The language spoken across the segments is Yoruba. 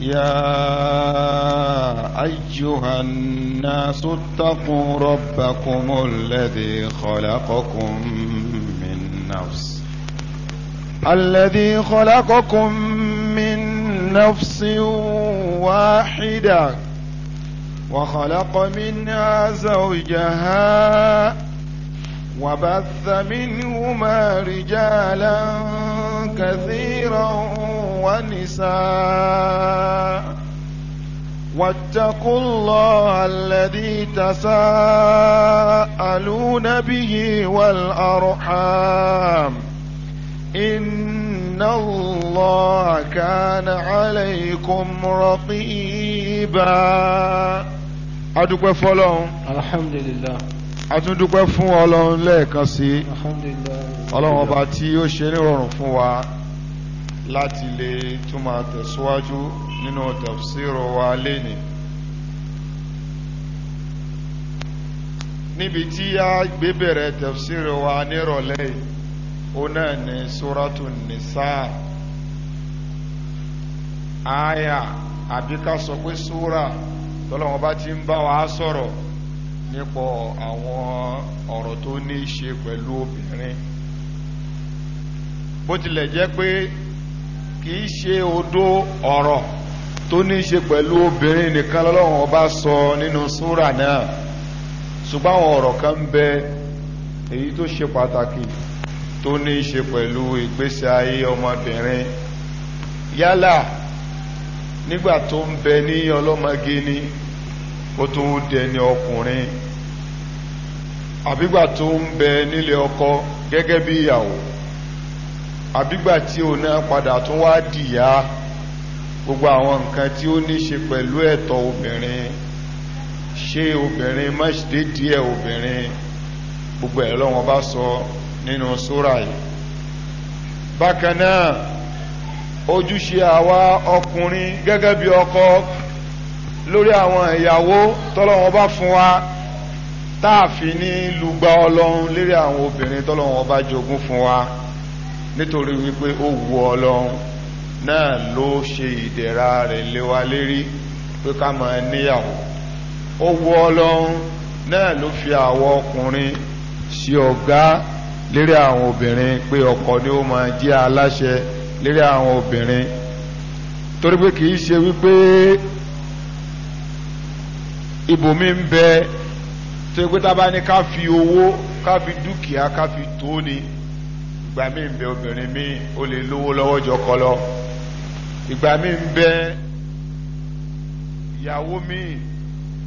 يا أيها الناس اتقوا ربكم الذي خلقكم من نفس الذي خلقكم من نفس واحدة وخلق منها زوجها وبث منهما رجالا كثيرا ونساء واتقوا الله الذي تساءلون به والأرحام إن الله كان عليكم رقيبا أدوك فلو الحمد لله أتدوك فلو لك سي الحمد لله الله وبعتي وشيني ورنفوا láti lè túnmà tẹ̀síwájú nínú tafsiru wa lẹ́ni níbi tí a gbé bẹ̀rẹ̀ tafsiru wa nírọ̀lẹ́ ó náà ní suratu nisa aya àbí ká sọ pé sura tọ́lọ́wọ́n bá ti ń bá wa sọ̀rọ̀ nípa àwọn ọ̀rọ̀ tó ní í ṣe pẹ̀lú obìnrin bó tilẹ̀ jẹ́ pé kìí ṣe odó ọ̀rọ̀ tó ní í ṣe pẹ̀lú obìnrin nìkan lọ́lọ́run ọba sọ nínú súrà náà ṣùgbọ́n àwọn ọ̀rọ̀ kan ń bẹ èyí tó ṣe pàtàkì tó ní í ṣe pẹ̀lú ìgbésí ayé ọmọbìnrin yálà nígbà tó ń bẹ ní ọlọ́mọge ni ó tó ń dẹni ọkùnrin àbígbà tó ń bẹ nílé ọkọ gẹ́gẹ́ bí ìyàwó àbígbà tí òun náà padà tún wá dìyà gbogbo àwọn nǹkan tí ó ní ṣe pẹ̀lú ẹ̀tọ́ obìnrin ṣé obìnrin má ṣe dédìí ẹ̀ obìnrin gbogbo ẹ̀ lọ́wọ́n bá sọ nínú sóra yìí bákan náà ojúṣe àwa ọkùnrin gẹ́gẹ́ bí ọkọ lórí àwọn ìyàwó tọ́lọ́wọ́n bá fún wa táàfin ní lùgbà ọlọ́run lérí àwọn obìnrin tọ́lọ́wọ́n bá jogún fún wa nítorí wípé ó wu ọlọ́run náà ló ṣe ìdẹ̀ra rẹ̀ léwa lérí pé ká máa níyàwó ó wu ọlọ́run náà ló fi àwọn ọkùnrin sí ọ̀gá lérí àwọn obìnrin pé ọkọ ni ó máa jẹ́ aláṣẹ lérí àwọn obìnrin torí pé kìí ṣe wípé ibòmí ń bẹ tó yẹ pé tá a bá ní ká fi owó ká fi dúkìá ká fi tó ni ìgbà mi ń bẹ obìnrin mi ó lè lówó lọ́wọ́ jọ kọ lọ ìgbà mi ń bẹ ìyàwó mi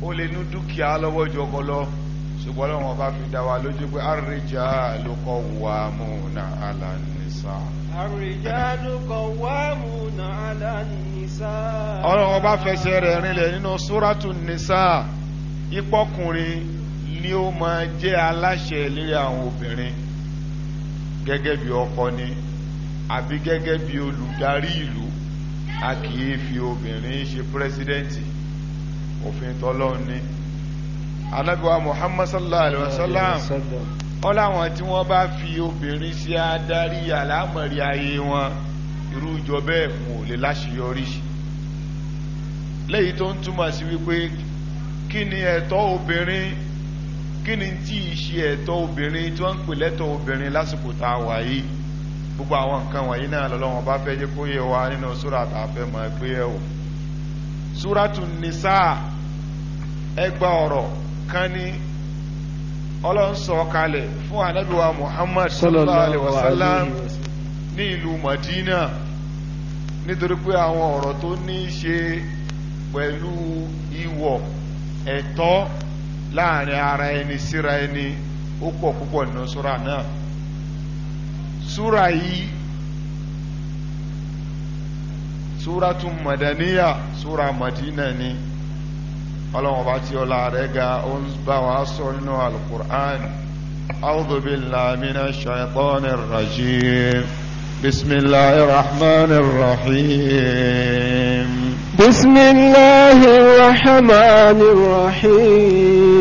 ó lè ní dúkìá lọ́wọ́ jọ kọ lọ ṣùgbọ́n lọ́wọ́n bá fi dá wa lójú pé àrèjà ló kọ́ wà mú na alánisa. àrèjà ló kọ́ wà mú na alánisa. ọlọ́wọ́n bá fẹsẹ̀ rẹ̀ rinlẹ̀ nínú súrátù nìsa ìpọkùnrin ni ó máa jẹ́ aláṣẹ lérí àwọn obìnrin gẹ́gẹ́ bí ọkọ ni àbí gẹ́gẹ́ bí olùdarí ìlú a kìí fi obìnrin ṣe pírẹsidẹ́ǹtì òfin tọ́lọ́run ni anábíwá Muhammad sallallahu alaihi wasallam wọ́n láwọn tí wọ́n bá fi obìnrin ṣe adarí àlámọ̀rí ayé wọn irú ìjọ bẹ́ẹ̀ fún òlé láṣeyọrí léyìí tó ń túmọ̀ sí wípé kí ni ẹ̀tọ́ obìnrin kí ni tí ì ṣe ẹ̀tọ́ obìnrin tí wọ́n ń pè lẹ́tọ̀ obìnrin lásìkò tá a wà yìí gbogbo àwọn nǹkan wọ̀nyí náà lọ́lọ́wọ́n bá fẹ́ jẹ́ kó yé wa nínú súra tá a fẹ́ mọ̀ pé ẹ o súratu nisa ẹgbà ọ̀rọ̀ kan ní ọlọ́run sọ kalẹ̀ fún anábìwa muhammad sallallahu alayhi wa sallam ní ìlú madina nítorí pé àwọn ọ̀rọ̀ tó ní í ṣe pẹ̀lú ìwọ̀ ẹ̀tọ́ láàrin ara ẹni síra ẹni ó pọ̀ púpọ̀ nínú súra náà súra yìí súra tún mọ̀dẹ́níyà súra mọ̀dínà ni ọlọ́run bá ti ọlá rẹ̀ ga ó ń bá wa sọ nínú alukur'an أعوذ بالله من الشيطان الرجيم بسم الله الرحمن الرحيم بسم الله الرحمن الرحيم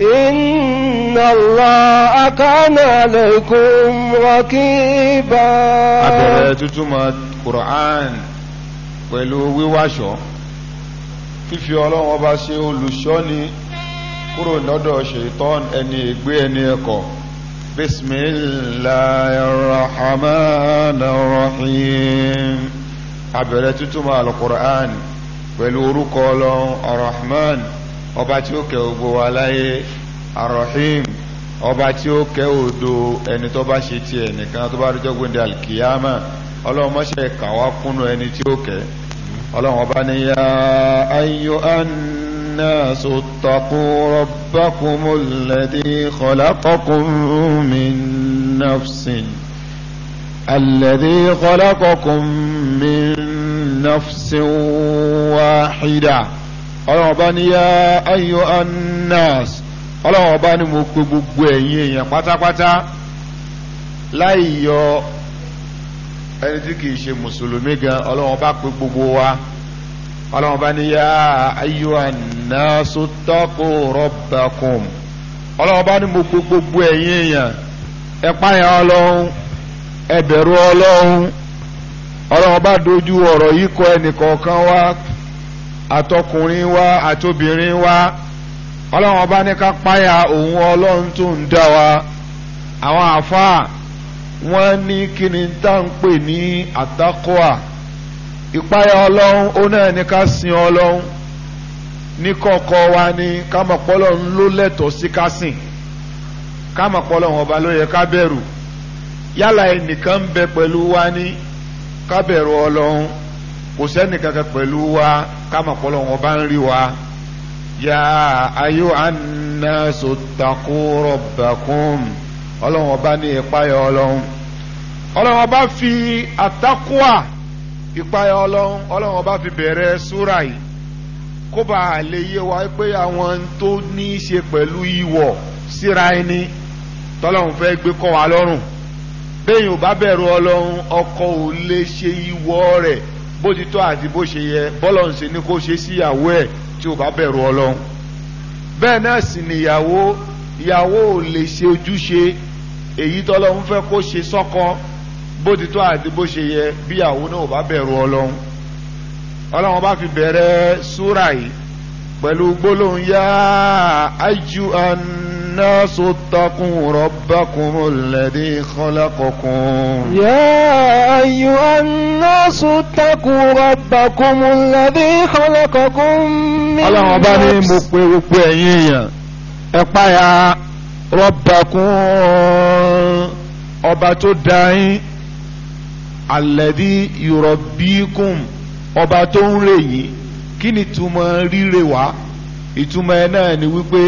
إن الله كان لكم ركيبا abẹ̀rẹ̀ tútúmọ̀ Qur'an pẹ̀lú wíwáṣọ́ fífi ọlọ́run ọba ṣe olùṣọ́ni kúrò lọ́dọ̀ ṣètọ́n ẹni ègbé ẹni ẹ̀kọ́ bismillahirrahmanirrahim abẹ̀rẹ̀ tútúmọ̀ al-Qur'an pẹ̀lú orúkọ ọlọ́run arrahman ọba tí ó kẹ́ gbogbo wa láyé arahim ọba tí ó kẹ́ odò ẹni tó bá ṣe tiẹ̀ nìkan tó bá rújọ́ gbòǹde alkiyama ọlọ́run mọ́ṣẹ́ kàwá kúnnú ẹni tí ó kẹ́ ọlọ́run ọba ni ya ayyuhan nasu ttaqu rabbakumul ladhi khalaqakum min nafsin. الذي خلقكم من نفس واحدة ọlọ́run ọba ní yá ayọ̀ anas ọlọ́run ní mo pe gbogbo ẹ̀yin èèyàn pátápátá láì yọ ẹni tí kìí ṣe mùsùlùmí gan ọlọ́run ọba pe gbogbo wa ọlọ́run ọba ní yá ayọ̀ anas taqu ọlọ́run gbogbo ẹ̀yin èèyàn ọlọ́run ọlọ́run ọlọ́run ọba dojú ọ̀rọ̀ yìí àtọkùnrin wa àtobìnrin wa ọlọ́run ọba ní ká páyà òun ọlọ́run tó ń dá wa àwọn àfáà wọ́n ní kí ni tá ń pè ní àtàkùà ìpáyà ọlọ́run ó náà ní ká sin ọlọ́run ní kọ̀ọ̀kọ̀ wa ní ká mọ̀ pé ọlọ́run ló lẹ́tọ̀ọ́ sí ká sìn ká mọ̀ pé ọlọ́run ọba ló yẹ ká bẹ̀rù yálà ẹnìkan ń bẹ pẹ̀lú wa ní ká bẹ̀rù ọlọ́run kò sẹ́ni kankan pẹ̀lú wa kámọ̀ pọ̀lọ́ wọn bá ń rí wa yá ayé annasu takú rabbakum ọlọ́run ọba ní ìpayọ̀ ọlọ́run ọlọ́run ọba fi àtàkùà ìpayọ̀ ọlọ́run ọlọ́run ọba fi bẹ̀rẹ̀ súra yìí kó bá a lè yé wa pé àwọn tó ní í ṣe pẹ̀lú ìwọ̀ síra ẹni tọ́lọ́run fẹ́ gbé kọ́ wa lọ́rùn bẹ́ẹ̀ yóò bá bẹ̀rù ọlọ́run ọkọ̀ ò lè ṣe ìwọ̀ rẹ̀ bó ti tọ́ àti bó ṣe yẹ bọ́lọ̀ ń ṣe ni kó ṣe síyàwó ẹ̀ tí ó bá bẹ̀rù ọlọ́run bẹ́ẹ̀ náà sì nìyàwó ìyàwó ò lè ṣe ojúṣe èyí tọ́lọ́run fẹ́ kó ṣe sọ́kọ bó ti tọ́ àti bó ṣe yẹ bí ìyàwó náà ò bá bẹ̀rù ọlọ́run ọlọ́run bá fi bẹ̀rẹ̀ súrà yìí pẹ̀lú gbólóhùn yá ájú àná. الناس اتقوا ربكم الذي خلقكم يا أيها الناس اتقوا ربكم الذي خلقكم من الله بني مكوي وكوي ẹ̀páyà ربكم ọba tó dá yín alẹ́dí yurabbikum ọba tó ń rè yín kí ni ìtumọ̀ rírè wá ìtumọ̀ ẹ̀ náà ni wípé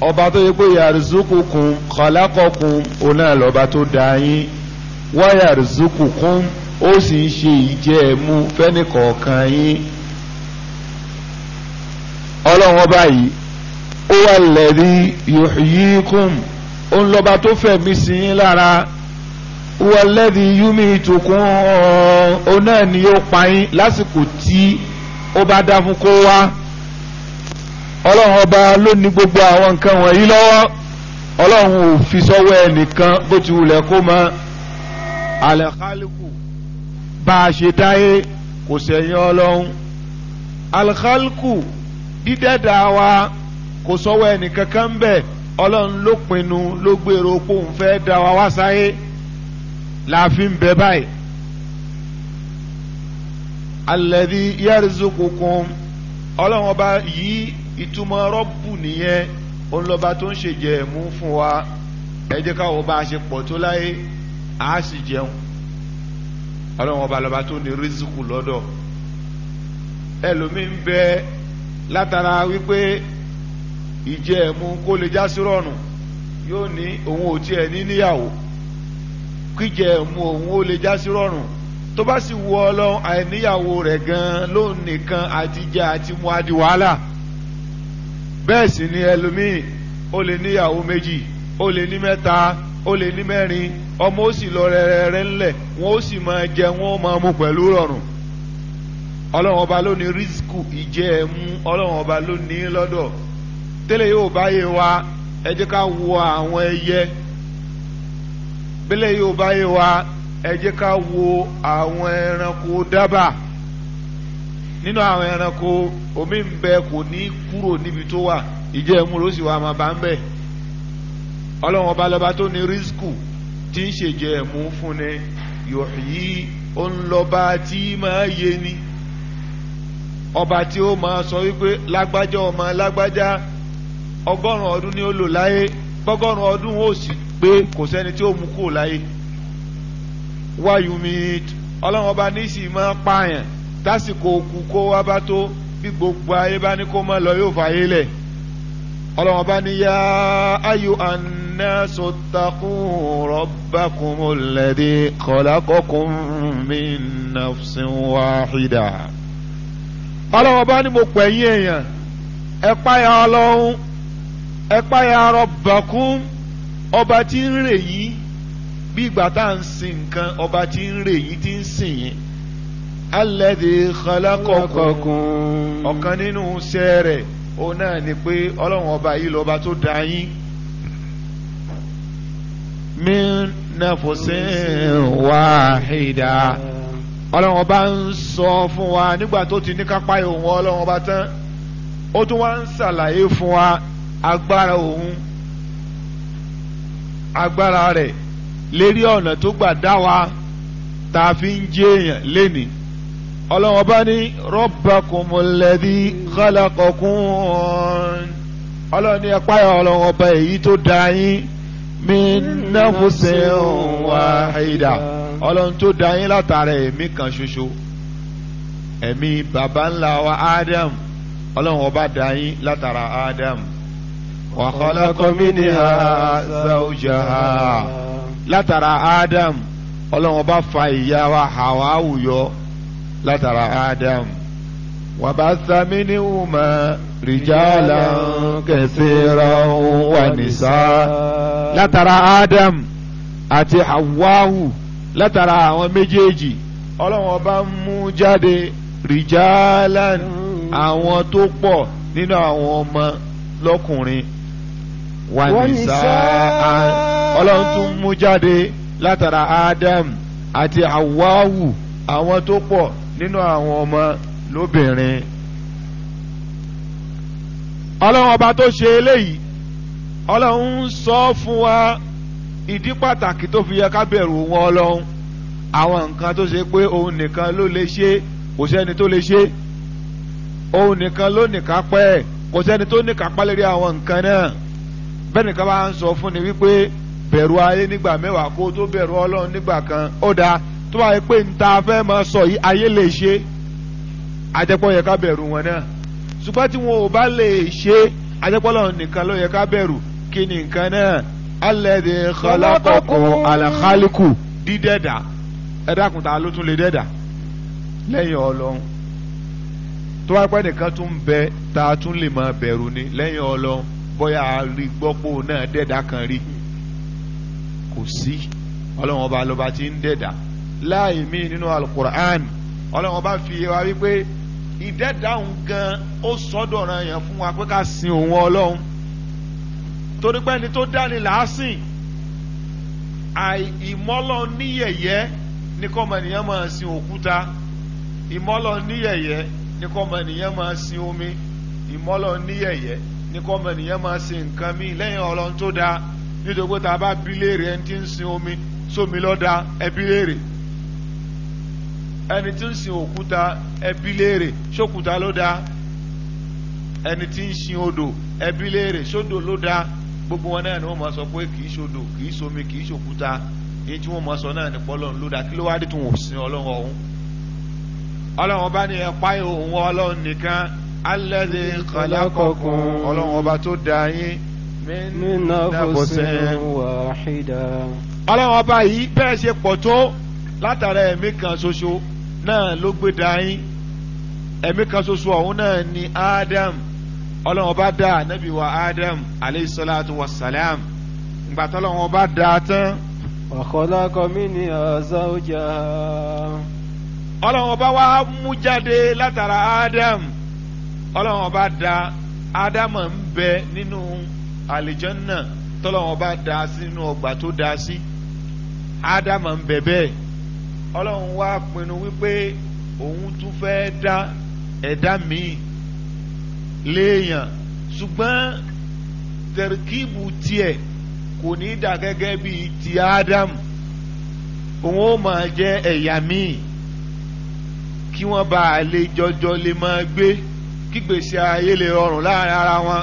ọba tó yẹ pé yàrìzúkùkùn kọlákọkùn òun náà lọba tó dá yín wá yàrìzúkùkùn ó sì ń ṣe ìjẹ ẹmú fẹ́ni kọ̀ọ̀kan yín ọlọ́run ọba yìí ó wà lẹ́rí yòóyíkùn òun lọba tó fẹ̀mí sí yín lára wà lẹ́rí yúmi ìtòkùn òun náà ni yóò pa yín lásìkò tí ó bá dá fún kó wá ọlọ́run ọba ló ní gbogbo àwọn nǹkan wọ̀nyí lọ́wọ́ ọlọ́run ò fi sọ́wọ́ ẹnìkan bó ti wulẹ̀ kó mọ alẹ́kálíkù bá a ṣe dáyé kò sẹ́yìn ọlọ́run alẹ́kálíkù dídẹ́dà wa kò sọ́wọ́ ẹnìkan kan bẹ̀ ọlọ́run ló pinnu ló gbèrò pé òun fẹ́ dá wa wá sáyé láàfin bẹ báyìí alladhi yarzuqukum ọlọ́run ọba yìí ìtumọ̀ rọ́bù nìyẹn olọba tó ń ṣe jẹ ẹ̀mú fún wa ẹ jẹ́ káwọn bá a ṣe pọ̀ tó láyé a sì jẹun ọlọ́run ọba lọba tó ní rízìkù lọ́dọ̀ ẹlòmíín bẹ látara wípé ìjẹ ẹ̀mú kó lè já sí rọrùn yóò ní òun ò tiẹ̀ ní níyàwó kíjẹ òun ó lè já sí rọrùn tó bá sì wù Ọlọ́run àìníyàwó rẹ̀ gan-an lóun nìkan àti jẹ àti mu adi wàhálà bẹ́ẹ̀ sì ni ẹlòmíì ó lè níyàwó méjì ó lè ní mẹ́ta ó lè ní mẹ́rin ọmọ ó sì lọ rẹ̀rẹ̀rẹ̀ ńlẹ̀ wọ́n ó sì máa jẹ wọ́n ó máa mu pẹ̀lú rọrùn ọlọ́run ọba ló ní rísíkù ìjẹ́ ẹ̀ mú ọlọ́run ọba ló ní lọ́dọ̀ tẹ́lẹ̀ yóò bá yé wa ẹ jẹ́ ká wo àwọn ẹyẹ bẹ́lẹ̀ yóò bá yé wa ẹ jẹ́ ká wo àwọn ẹranko dábàá. nínú àwọn ẹranko omi ń bẹ kò ní kúrò níbi tó wà ìjẹ́ ẹmu ló sì wà máa bá ń bẹ̀ ọlọ́run ọba lọ́ba tó ní rísíkù tí ń ṣèjẹ́ ẹmu fúnni yòòyí ó ń lọ́ba tí máa yé ni ọba tí ó máa sọ wípé lágbájá ọmọ lágbájá ọgọ́rùn-ún ọdún ni ó lò láyé gbọ́gọ́rùn-ún ọdún ó sì pé tásìkò òkú kó wá bá tó bí gbogbo ayé bá ní kó má lọ yóò fàyè lẹ̀ ọlọ́wọ́n bá ní yá ayò annasu takú rọ́bàkùnmó lẹ́dí kọ̀lákọ́kùn mi nàfsìn wáhídà ọlọ́wọ́n bá ní mo pẹ̀yìn èèyàn ẹ páyà ọlọ́run ẹ páyà rọ́bàkùn ọba tí ń rè yìí bí ìgbà tá à ń sin nǹkan ọba tí ń rè yìí tí ń sìn yìí alladhi khalaqakum. ọ̀kan nínú iṣẹ́ rẹ̀ ó náà ni pé ọlọ́run ọba yìí lọ́ba tó dá yín. min nafsin wahida. ọlọ́run ọba ń sọ fún wa nígbà tó ti ní kápá òun ọlọ́run ọba tán ó tún wá ń ṣàlàyé fún wa agbára òun agbára rẹ̀ lérí ọ̀nà tó gbà dá wa tá fi ń jẹ́ èèyàn lénìí ọlọ́wọ́n bá ní rabbakumul ladhi khalaqakum ọlọ́wọ́n ní ẹ̀pá ọlọ́wọ́n bá èyí tó dá yín min nafsin wahida ọlọ́wọ́n tó dá yín látara ẹ̀mí kan ṣoṣo ẹ̀mí baba ńlá wa Adam ọlọ́wọ́n bá dá yín látara Adam wa khalaqa minha zawjaha látara Adam ọlọ́wọ́n bá fa ìyá wa Hawa àwùyọ látara Adam وبث منهما رجالا كثيرا ونساء látara Adam àti Hawawu látara àwọn méjèèjì ọlọ́run ọba ń mú jáde rìjálán àwọn tó pọ̀ nínú àwọn ọmọ lọ́kùnrin wà nìsá ọlọ́run tún mú jáde látara Adam àti Hawawu àwọn tó pọ̀ nínú àwọn ọmọ lóbìnrin ọlọ́run ọba tó ṣe eléyìí ọlọ́run ń sọ fún wa ìdí pàtàkì tó fi yẹ ká bẹ̀rù wọn ọlọ́run àwọn nǹkan tó ṣe pé òun nìkan ló lè ṣe kò sẹ́ni tó lè ṣe òun nìkan ló nìkan pẹ́ kò sẹ́ni tó nìkan pẹ́ lérí àwọn nǹkan náà bẹ́ẹ̀ nìkan bá ń sọ fún ni wípé bẹ̀rù ayé nígbà mẹ́wàá kó tó bẹ̀rù ọlọ́run nígbà kan ó dáa tó wáyé pé nta fẹ́ máa sọ yìí ayé lè ṣe àjẹpọ̀ yẹ ká bẹ̀rù wọn náà ṣùgbọ́n tí wọn ò bá lè ṣe àjẹpọ̀ lọ́wọ́ nìkan ló yẹ ká bẹ̀rù kí ni nǹkan náà alẹ́dì kọlákọ̀kọ̀ àlàkálíkù dídẹ́dà ẹ̀dàkùn ta ló tún lè dẹ́dà lẹ́yìn ọlọ́run tó wáyé pé nìkan tún bẹ ta tún lè máa bẹ̀rù ni lẹ́yìn ọlọ́run bóyá àrígbọ́pọ̀ náà dẹ́dà kan rí kò sí ọlọ́run ọba lọ́ba ti ń dẹ́dà. láàyè míì nínú alukur'an ọlọ́run bá fi wá wípé ìdẹ́dáhùn gan ó sọ́dọ̀ràn yẹn fún wa pé ká sin òun ọlọ́run torí pé ẹni tó dání làásìn níyẹ̀yẹ́ ní kọ́mọ ènìyàn máa sin òkúta níyẹ̀yẹ́ ní ènìyàn omi níyẹ̀yẹ́ ní ènìyàn máa sin nǹkan lẹ́yìn ọlọ́run tó dáa nítorí pé tá a bá bí léèrè ẹni tí ń sin omi sómi ẹni tí ń sin òkúta ẹbí léèrè ṣókúta ló dáa ẹni tí ń sin odò ẹbí léèrè ṣódò ló dáa gbogbo wọn náà ni wọn máa sọ pé kì í ṣodò kì í ṣomi kì í ṣòkúta èyí tí wọn máa sọ náà ni pọlọ́n ló dáa kí ló wáá dé tó wọn sin ọlọ́run ọ̀hún ọlọ́run ọba ní ẹ̀pá òun ọlọ́run nìkan alladhi khalaqakum ọlọ́run ọba tó dá yín min nafsin wahida ọlọ́run ọba yìí bẹ́ẹ̀ ṣe pọ̀ tó látara ẹ̀mí kan ṣoṣo náà ló gbé dáyín ẹ̀mí kan ṣoṣo ọ̀hún náà ni Adam ọlọ́run ọba dá ànábì wa Adam aleyhi salatu wa salam ìgbà tọ́lọ́run ọba dá tán. wa khalaqa minha zawjaha. ọlọ́run ọba wa mú jáde látara Adam ọlọ́run ọba dá Adam ń bẹ nínú àlìjọ́nà tọ́lọ́run ọba dá sínú ọgbà tó dá sí Adam ń bẹ bẹ́ẹ̀ ọlọ́run wá pinnu wípé òun tún fẹ́ dá ẹ̀dá míì léèyàn ṣùgbọ́n tẹ̀ríkìbù tiẹ̀ kò ní dà gẹ́gẹ́ bíi ti Ádámù òun ó máa jẹ́ ẹ̀yà míì kí wọ́n bá a lè jọjọ lè máa gbé kígbèsè ayé lè rọrùn láàrin ara wọn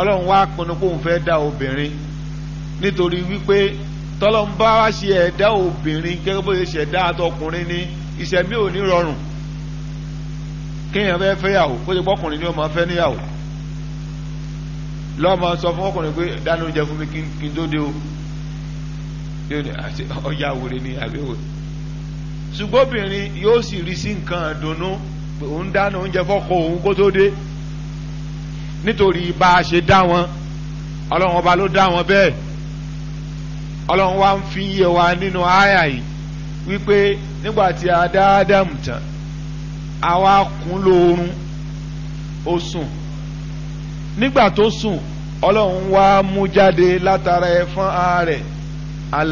ọlọ́run wá pinnu kóun fẹ́ dá obìnrin nítorí wípé tọ́lọ́ ń bá wá ṣe ẹ̀dá obìnrin gẹ́gẹ́ bó ṣe ṣẹ̀dá àtọkùnrin ní ìṣẹ̀mí ò ní rọrùn kéèyàn fẹ́ fẹ́yàwó kó ṣe gbọ́kùnrin ni ó máa fẹ́ níyàwó lọ́mọ sọ fún ọkùnrin pé dáná oúnjẹ fún mi kí n tó dé o yóò ní ọjà wèrè ni àbẹ̀wò ṣùgbọ́n obìnrin yóò sì rí sí nǹkan àdùnnú pé òun dáná oúnjẹ fọ́kọ òun kó tó dé nítorí bá a ṣe dá wọn ọlọ́run ọba ló dá wọn bẹ́ẹ̀ ọlọ́run wa ń fi yé wa nínú àyà yìí wípé nígbà tí a dá ádámù tán àwa kún lóorun ó sùn nígbà tó sùn ọlọ́run wa mú jáde látara ẹ̀fọn rẹ̀ al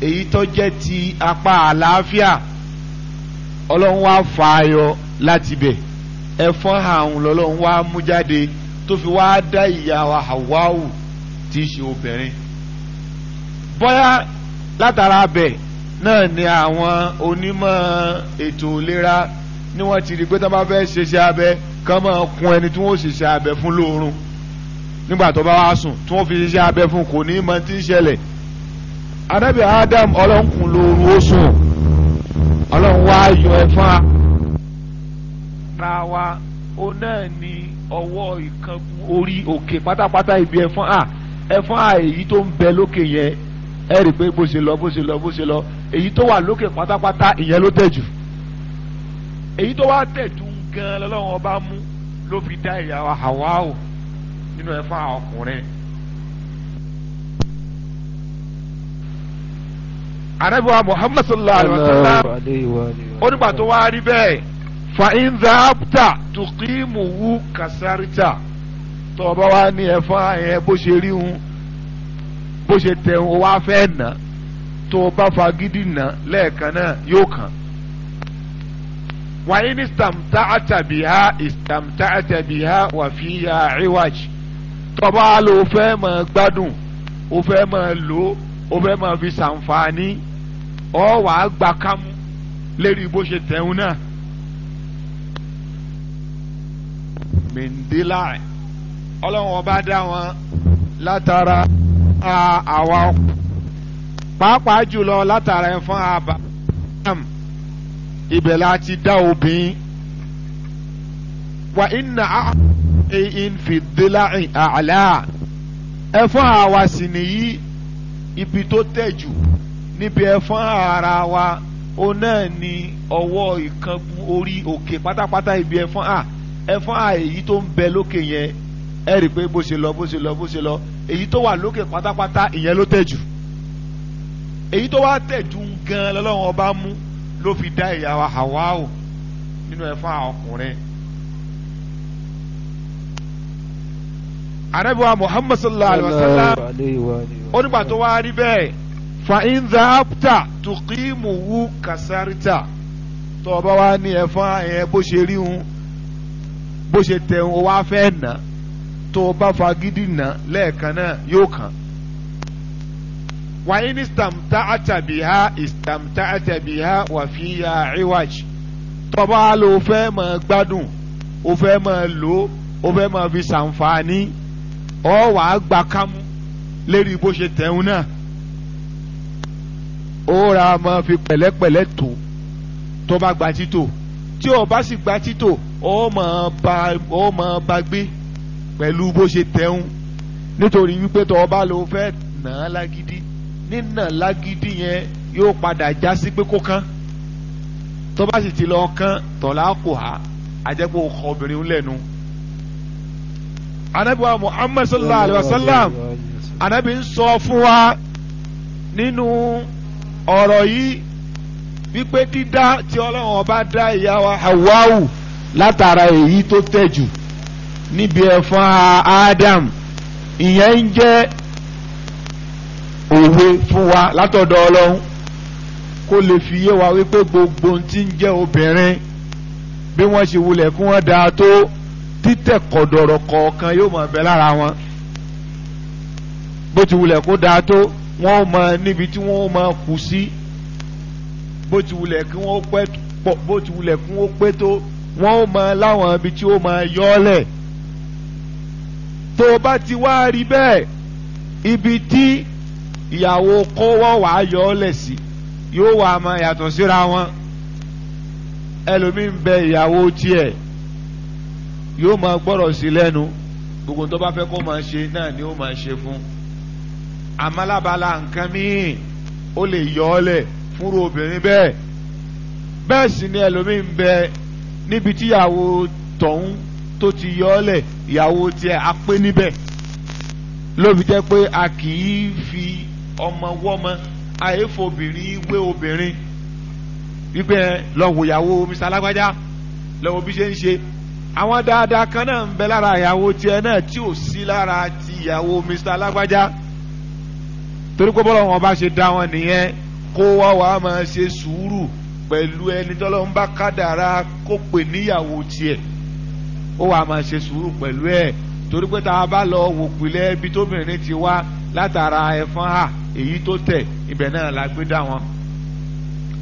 èyí tó jẹ́ ti apá àlàáfíà ọlọ́run wa fà á yọ láti bẹ̀ ẹ̀fọn àrùn lọ́lọ́run wa mú jáde tó fi wá dá ìyá wa Hawaawu tí í ṣe obìnrin bóyá látara abẹ náà ni àwọn onímọ̀ ètò ìlera ni wọ́n ti rí pé tó bá fẹ́ ṣiṣẹ́ abẹ kán máa kun ẹni tí wọ́n ṣiṣẹ́ abẹ fún lóorun nígbà tó bá wá sùn tí wọ́n fi ṣiṣẹ́ abẹ fún kò ní mọ tí ń ṣẹlẹ̀ anábì Adam ọlọ́nkùn lóoru ó sùn ọlọ́run wá yọ ẹ̀fọn ara wa ó náà ní ọwọ́ ìkan orí òkè pátápátá ibi ẹ̀fọn à ẹ̀fọn a èyí tó ń bẹ lókè yẹn ẹ rí i pé bó ṣe lọ bó ṣe lọ bó ṣe lọ èyí tó wà lókè pátápátá ìyẹn ló tẹ̀ èyí tó wà tẹ̀ gan lọ́wọ́ ọba mú ló fi dá ìyàwó Háwáò nínú ẹ̀fọ́ ọkùnrin. anabiwa muhammad sallallahu alaihi wa sallam onígbà tó wá rí bẹ́ẹ̀ fa'in zahabta tuqimuhu kasarita tó o bá wá ní ẹ̀fọ́ ẹ̀ bó ṣe rí hun bó ṣe tẹ o wá fẹ́ nà tó o bá fagídí nà lẹ́ẹ̀kan náà yóò kàn. wàyí ní stamta'ata biha istamta'ata biha wà fiha iwaj tó o bá lò ó fẹ́ máa gbádùn ó fẹ́ máa lò ó ó fẹ́ máa fi ṣàǹfààní ọ wàá gbà kámú lérí bó ṣe tẹ̀hún náà. mìndílà ọlọ́run ọba dá wọn látara àwa pàápàá jùlọ látara ẹ̀ fún àbá ibẹ̀ la ti dá obìnrin wa inna in fi dila'in a'la ẹ̀fọ́n àwa sì nìyí ibi tó tẹ̀jù níbi ẹ̀fọ́n ara wa ó náà ní ọwọ́ ìkángun orí òkè pátápátá ibi ẹ̀fọ́n à ẹ̀fọ́n à èyí tó ń bẹ lókè yẹn ẹ rí i pé bó ṣe lọ bó ṣe lọ bó ṣe lọ èyí tó wà lókè pátápátá ìyẹn ló tẹ̀ jù èyí tó wá tẹ̀ jù gan lọ́lọ́run ọba mú ló fi dá ìyá wa Hawau nínú ẹ̀fọ́ ọkùnrin. anabiwa Muhammad sallallahu alaihi wa sallam ó nígbà tó wá rí bẹ́ẹ̀ fa'in Tukimu tuqimuhu kasarita tó o bá wá ní ẹ̀fọ́ ẹ̀ bó ṣe rí un bó ṣe tẹ̀ ń wá fẹ́ nà tó o bá fagídí nà lẹ́ẹ̀kan náà yóò kàn. wàá ní stamta àtàbíhá stamta àtàbíhá wà fi ya iwájú. tọ́ba lo fẹ́ máa gbádùn o fẹ́ máa lò ó fẹ́ máa fi ṣàǹfààní ọ wàá gba kámú lérí bó ṣe tẹ̀hún náà. ó ra máa fi pẹ̀lẹ́pẹ̀lẹ́ tó tó gba títò tí o bá sì gba títò ó máa bá gbé pẹ̀lú bó ṣe tẹ̀hún nítorí wípé tó o bá lọ fẹ́ nà á lágídí nínà lágídí yẹn yóò padà já sí pé kó kán tó bá sì ti lọ kán tọ̀lá kò há àjẹpọ̀ ọkọ̀ obìnrin lẹ́nu. anabiwa muhammad sallallahu alayhi wa sallam anabi ń sọ fún wa nínú ọ̀rọ̀ yìí wípé dídá tí ọlọ́run ọba dá ìyá wa Hawwau látara èyí tó tẹ̀ jù níbi ẹ̀fọn Adam ìyẹn ń jẹ́ òwe fún wa látọ̀dọ̀ Ọlọ́run kó lè fi yé wa wípé gbogbo tí ń jẹ́ obìnrin bí wọ́n ṣe wulẹ̀ kí wọ́n dáa tó títẹ̀ kọ̀dọ̀rọ̀ kọ̀ọ̀kan yóò máa bẹ lára wọn bó ti wulẹ̀ kó dáa tó wọ́n mọ níbi tí wọ́n mọ kù sí bó ti wulẹ̀ kí wọ́n pẹ́ tó wọ́n mọ láwọn ibi tí ó mọ yọ́lẹ̀ tó o bá ti wá rí bẹ́ẹ̀ ibi tí ìyàwó kọ́wọ́ wàá yọ ọ́ lẹ̀ sí yóò wà mọ yàtọ̀ síra wọn ẹlòmíín bẹ ìyàwó tiẹ̀ yóò máa gbọ́rọ̀ sí lẹ́nu gbogbo tó bá fẹ́ kó máa ṣe náà ni ó máa ṣe fún amálábala nǹkan míì ó lè yọ ọ́ lẹ̀ fúnru obìnrin bẹ́ẹ̀ bẹ́ẹ̀ sì ni ẹlòmíín bẹ níbi tíyàwó tọ̀hún tó ti yọ ọ́ lẹ̀ ìyàwó tiẹ̀ á pé níbẹ̀ lóbi jẹ́ pé a kì í fi ọmọ wọ́mọ àyèfobìnrin wé obìnrin wípé lọ́wọ́ ìyàwó mr alágbájá lọ́wọ́ bí ṣe ń ṣe àwọn dáadáa kan náà ń bẹ lára ìyàwó tiẹ̀ náà tí ò sí lára ti ìyàwó mr alágbájá torí pé bọ́lá wọn bá ṣe dá wọn nìyẹn kó wá wàá máa ṣe sùúrù pẹ̀lú ẹni tọ́lọ́ ń bá kádàrá kó pè níyàwó tiẹ̀ ó wàá máa ṣe sùúrù pẹ̀lú ẹ̀ torí pé tá a bá lọ wò pilẹ̀ ibi tóbìnrin ti wá látara ẹ̀fọn hà èyí tó tẹ̀ ibẹ̀ náà la gbé dá wọn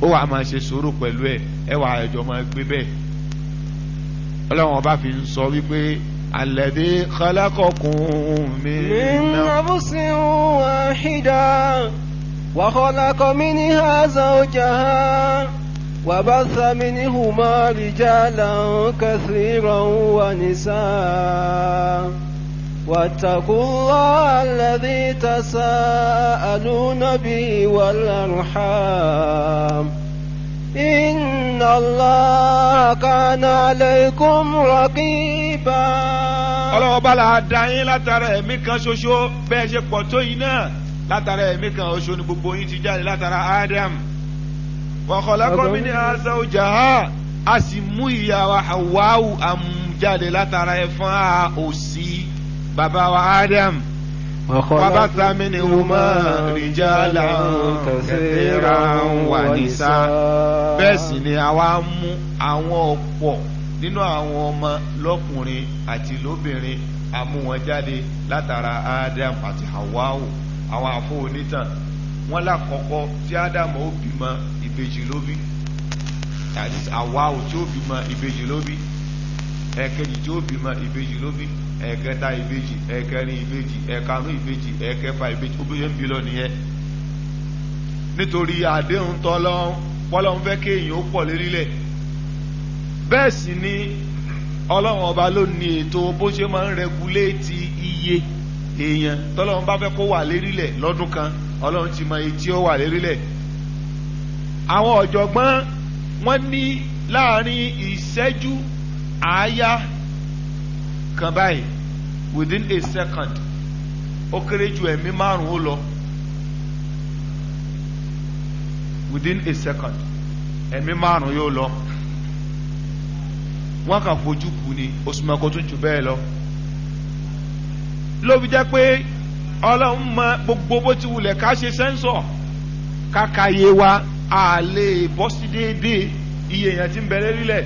ó wàá máa ṣe sùúrù pẹ̀lú ẹ̀ ẹ wàá ẹ̀jọ̀ máa gbé bẹ́ẹ̀ ọlọ́run ọba fi ń sọ wípé alẹ́dẹ́ kọlákọ̀kùn mi. mi nàbùsí wàhídà wàhálà kọ́mínì hà zàwùjà hà. وبث منهما رجالا كثيرا ونساء واتقوا الله الذي تساءلون به والأرحام إن الله كان عليكم رقيبا ọlọ́wọ́ la dá yín látara ẹ̀mí kan ṣoṣo bẹ́ẹ̀ ṣe pọ̀ tó yín náà látara ẹ̀mí kan ṣoṣo ni gbogbo yín ti jáde látara Ádámù wàhálàkọ́ mi ní àṣà ọjà ha a sì mú ìyàwó àwáwù àmújáde látara ẹ̀fọn a òsì bàbá wa Adam bàbá sami ni wùmá rìjàlá kẹsìrà wà nìsa ni àwa mú àwọn ọ̀pọ̀ nínú àwọn ọmọ lọ́kùnrin àti lóbìnrin amú wọn jáde látara Adam àti Hawawu àwọn àfọ onítàn wọn lákọ̀ọ́kọ́ tí Adam ó bímọ ìbejì ló bí that is àwáwò tí ó bímọ ìbejì ló bí ẹ̀kejì tí ó bímọ ìbejì ló bí ẹ̀kẹta ìbejì ẹ̀kẹrin ìbejì ẹ̀karùn ìbejì ẹ̀kẹfà ìbejì ó bóyá ń bí lọ nìyẹn nítorí àdéhùn tọ́lọ́ pọ́lọ́ ń fẹ́ kéèyàn ó pọ̀ lérílẹ̀ bẹ́ẹ̀ sì ni ọlọ́run ọba ló ní ètò bó ṣe máa ń rẹguléètì iye èèyàn tọ́lọ́run bá fẹ́ kó wà lérílẹ̀ lọ́dún kan ọlọ́run ti mọ iye tí ó wà lérílẹ̀ àwọn ọ̀jọ̀gbọ́n wọ́n ní láàrin ìṣẹ́jú àáyá kan báyìí within a second ó kéré ju ẹ̀mí márùn-ún lọ within a second ẹ̀mí márùn-ún yóò lọ wọ́n kàn fojú kù ni oṣù mẹ́kọ̀ọ́ tún jù bẹ́ẹ̀ lọ ló fi jẹ́ pé ọlọ́run mọ gbogbo bó ti wulẹ̀ ká ṣe sẹ́ńsọ̀ ká ka yé wa a lè bọ́ sí déédéé iye èèyàn ti ń bẹ lérílẹ̀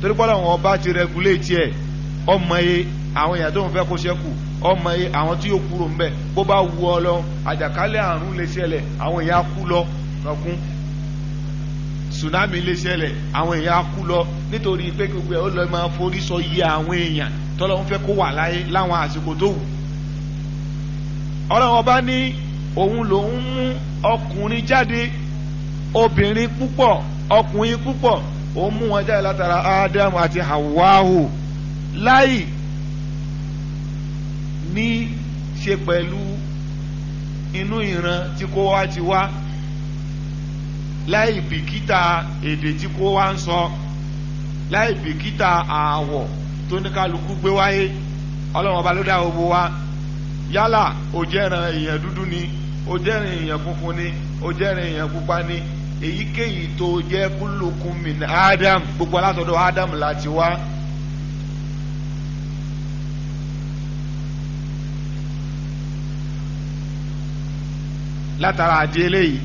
torí pọ́lọ́ àwọn ọba ti rẹguléètì ẹ̀ ọmọ ye àwọn èèyàn tó ń fẹ́ kó ṣẹ́kù ọmọ ye àwọn tí yóò kúrò ń bẹ̀ bó bá wu ọ lọ àjàkálẹ̀ àrùn lè ṣẹlẹ̀ àwọn èèyàn á kú lọ lọ́kún tsunami lè ṣẹlẹ̀ àwọn èèyàn kú lọ nítorí pé gbogbo ẹ̀ ó lọ máa forí sọ iye àwọn èèyàn tọ́lọ́ ń fẹ́ kó wà láyé láwọn àsìkò tó wù ọlọ́run ọba ní òun lòún mú ọkùnrin jáde obìnrin púpọ̀ ọkùnrin púpọ̀ òun mú wọn jáde látara Ádámù àti Hawahu láì ní ṣe pẹ̀lú inú ìran tí kó wá ti wá láì bìkítà èdè tí kó wá ń sọ láì bìkítà ààwọ̀ tó ní kálukú gbé wáyé ọlọ́run ọba ló dá gbogbo wa yálà ó jẹ́ran èèyàn dúdú ni ó jẹ́ran èèyàn funfun ni ó jẹ́ran èèyàn pupa ni èyíkéyìí tó jẹ́ kúlùkùn min Adam gbogbo alátọ̀dọ̀ Adam láti wá. látara àdé eléyìí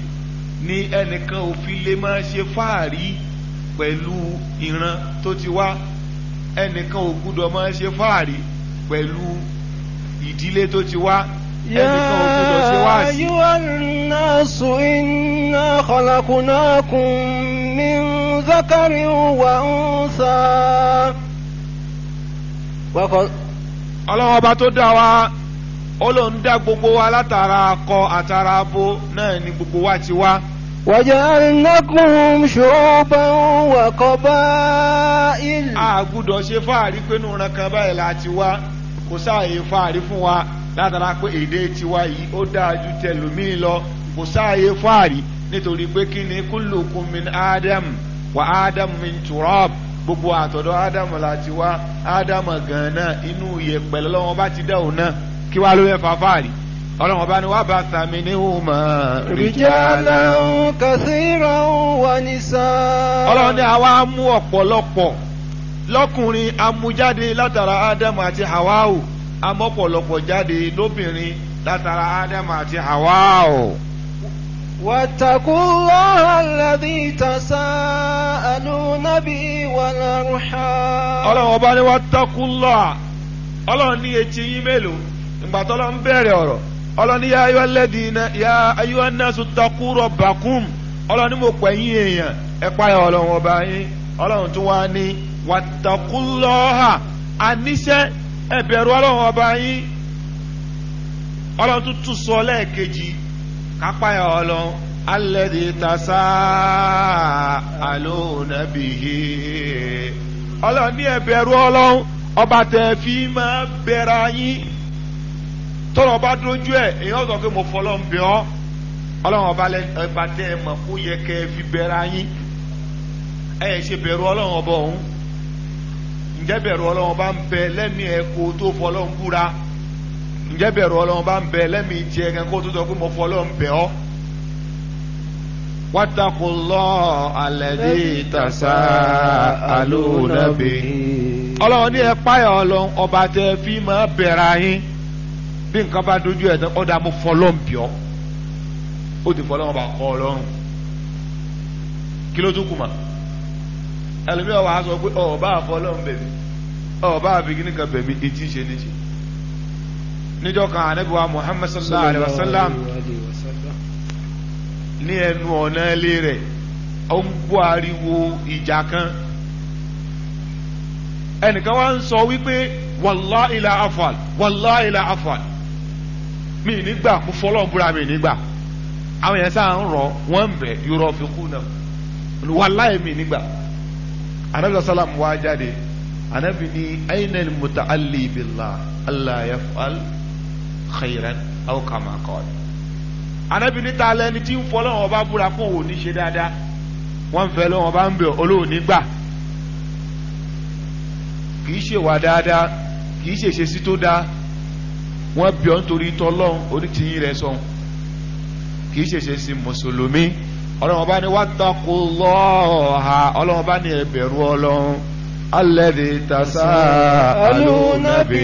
ni ẹnìkan òfin lè máa ṣe fáàrí pẹ̀lú ìran tó ti wá ẹnìkan ò gbúdọ̀ máa ṣe fáàrí pẹ̀lú ìdílé tó ti wá. يا أيها الناس إنا خلقناكم من ذكر وأنثى ọlọ́wọ́ ọba tó dá wa ó ló ń dá gbogbo wa látara akọ àtara abo náà ni gbogbo wa ti wá. وجعلناكم شعوبا وقبائل. a gbúdọ̀ ṣe fáàrí pé nùrán báyìí la wá kò sáàyè fáàrí fún wa látara pé èdè tiwa yìí ó dáa ju tẹlòmíì lọ kò sáàyè fáàrí nítorí pé kí ni kullukum min adam wa adam min turab gbogbo àtọ̀dọ̀ adam láti wá adam gan-an inú yẹ̀pẹ̀ lọ́wọ́n bá ti dá òun náà kí wàá ló yẹ fa fáàrí ọlọ́run ọba ni wàá bá sàmì ní hùmà. rijalan kasiran wa nisaa. ọlọ́run ni àwa mú ọ̀pọ̀lọpọ̀ lọ́kùnrin amújáde látara adam àti hawaahu. amọ́pọ̀lọpọ̀ jáde lóbìnrin látara ádámà àti hawa o. واتقوا الله الذي تساءلون به ha ọlọ́run ọba ni wattaqullah ọlọ́run ní etí yín mélòó ìgbà ń bẹ̀rẹ̀ ọ̀rọ̀ ọlọ́run ní ya ya ayyuhan nasu ttaqu rabbakum ọlọ́run ní mo pè yín èèyàn ẹ páyà ọlọ́run ọba yín ọlọ́run tún wá ní wattaqullah àníṣẹ́ ẹ bẹ̀rù ọlọ́run ọba yín ọlọ́run tún tún sọ lẹ́ẹ̀kejì kápá ẹ̀ ọlọ́run alẹ́dẹ̀ tasá àlónàbìyí ọlọ́run ní ẹ bẹ̀rù ọlọ́run ọba tẹ̀ fi máa bẹ̀rẹ̀ yín tọ́lọ̀ ọba dójú ẹ̀ èyàn sọ pé mo fọlọ́ ń bẹ̀ ọ́ ọlọ́run ọba lẹ́ẹ̀ẹ́gbà tẹ́ ẹ mọ̀ kó yẹ kẹ́ fi bẹ̀rẹ̀ yín ẹ ṣe bẹ̀rù ọlọ́run ọba ọ̀hún ǹjẹ́ bẹ̀rù bá ń bẹ lẹ́mìí ẹ tó fọ búra ǹjẹ́ bẹ̀rù bá ń bẹ lẹ́mìí tiẹ̀ kan tó sọ pé mo fọ ọlọ́run bẹ̀ ọ́. wátàkùnlọ́ alẹ́dí tàṣà àlùnàbí. ọlọ́run ní ẹ páyà ọba tẹ fi máa bẹ̀rẹ̀ ayín bí nǹkan bá dojú ẹ̀ tán ọ̀dà mo fọ ọlọ́run bẹ̀ ó ti fọ bá kọ́ ọlọ́run kí ló tún kù mọ́ ẹlòmíràn wàá sọ pé ọba àfọlọ́n bẹ̀mí ọba àbíkí nìkan bẹ̀mí etí ṣe níṣe níjọ́ kan ànábìwá Muhammad sallallahu alayhi wa sallam ní ẹnu ọ̀nà ilé rẹ̀ ó ń gbọ́ ariwo ìjà kan ẹnìkan wá ń sọ wípé wallahi la afal wallahi la afal mi nígbà mo fọlọ́n búra mi nígbà àwọn yẹn sáà ń rọ wọ́n ń bẹ̀ yọrọ fi kú náà wallahi mi nígbà anabi sallam wá jáde anabi ní ainal muta'alli billah allah yaf'al khayran aw kama qala anabi ní ta lẹni tí ń fọlọ́ wọn bá búra fún òun ní ṣe dáadáa wọ́n fẹ́ lọ́wọ́ bá ń bẹ̀ olóhùn nígbà kì í ṣe wà dáadáa kì í ṣe ṣe sí tó dáa wọ́n bí nítorí tọ́lọ́hún onítìyín rẹ̀ sọ̀hún kì í ṣe ṣe sí mùsùlùmí. ọlọ́run bá ní wattaqullaha ọlọ́run bá ní ọlọ́run alladhi tasaaluna bi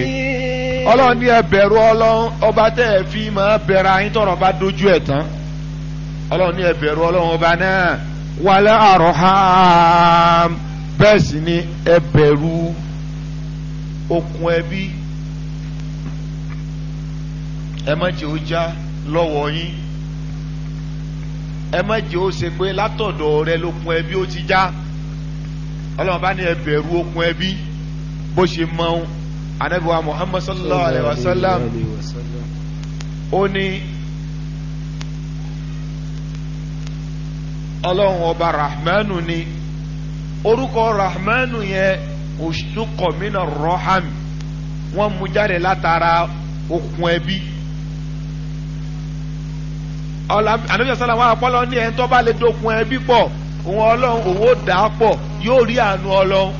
ọlọ́run ní ẹ ọlọ́run ọba tẹ́ fi máa bẹ̀rẹ̀ tọ̀rọ̀ bá dojú ẹ̀ tán ọlọ́run ọba náà wàlẹ́ àròhàm bẹ́ẹ̀ sì ni ẹ bẹ̀rù ẹbí ẹ má jẹ́ ẹ má jẹ́ ó ṣe pé látọ̀dọ̀ rẹ lókun ẹbí ó ti já ọlọ́run bá ní okun ẹbí bó ṣe mọ anabiwa muhammad sallallahu alayhi wa sallam ó ní ọlọ́run ọba rahmanu ni orúkọ rahmanu yẹn òṣùkọ̀ mìíràn rọ́hàm wọ́n mú jáde látara okun ẹbí. ọ̀la ànábìyà sálà wà pọ́lọ́ ní ẹni tó bá lè dokun ẹbí pọ̀ òun ọlọ́run òun ó dà á pọ̀ yóò rí àánú ọlọ́run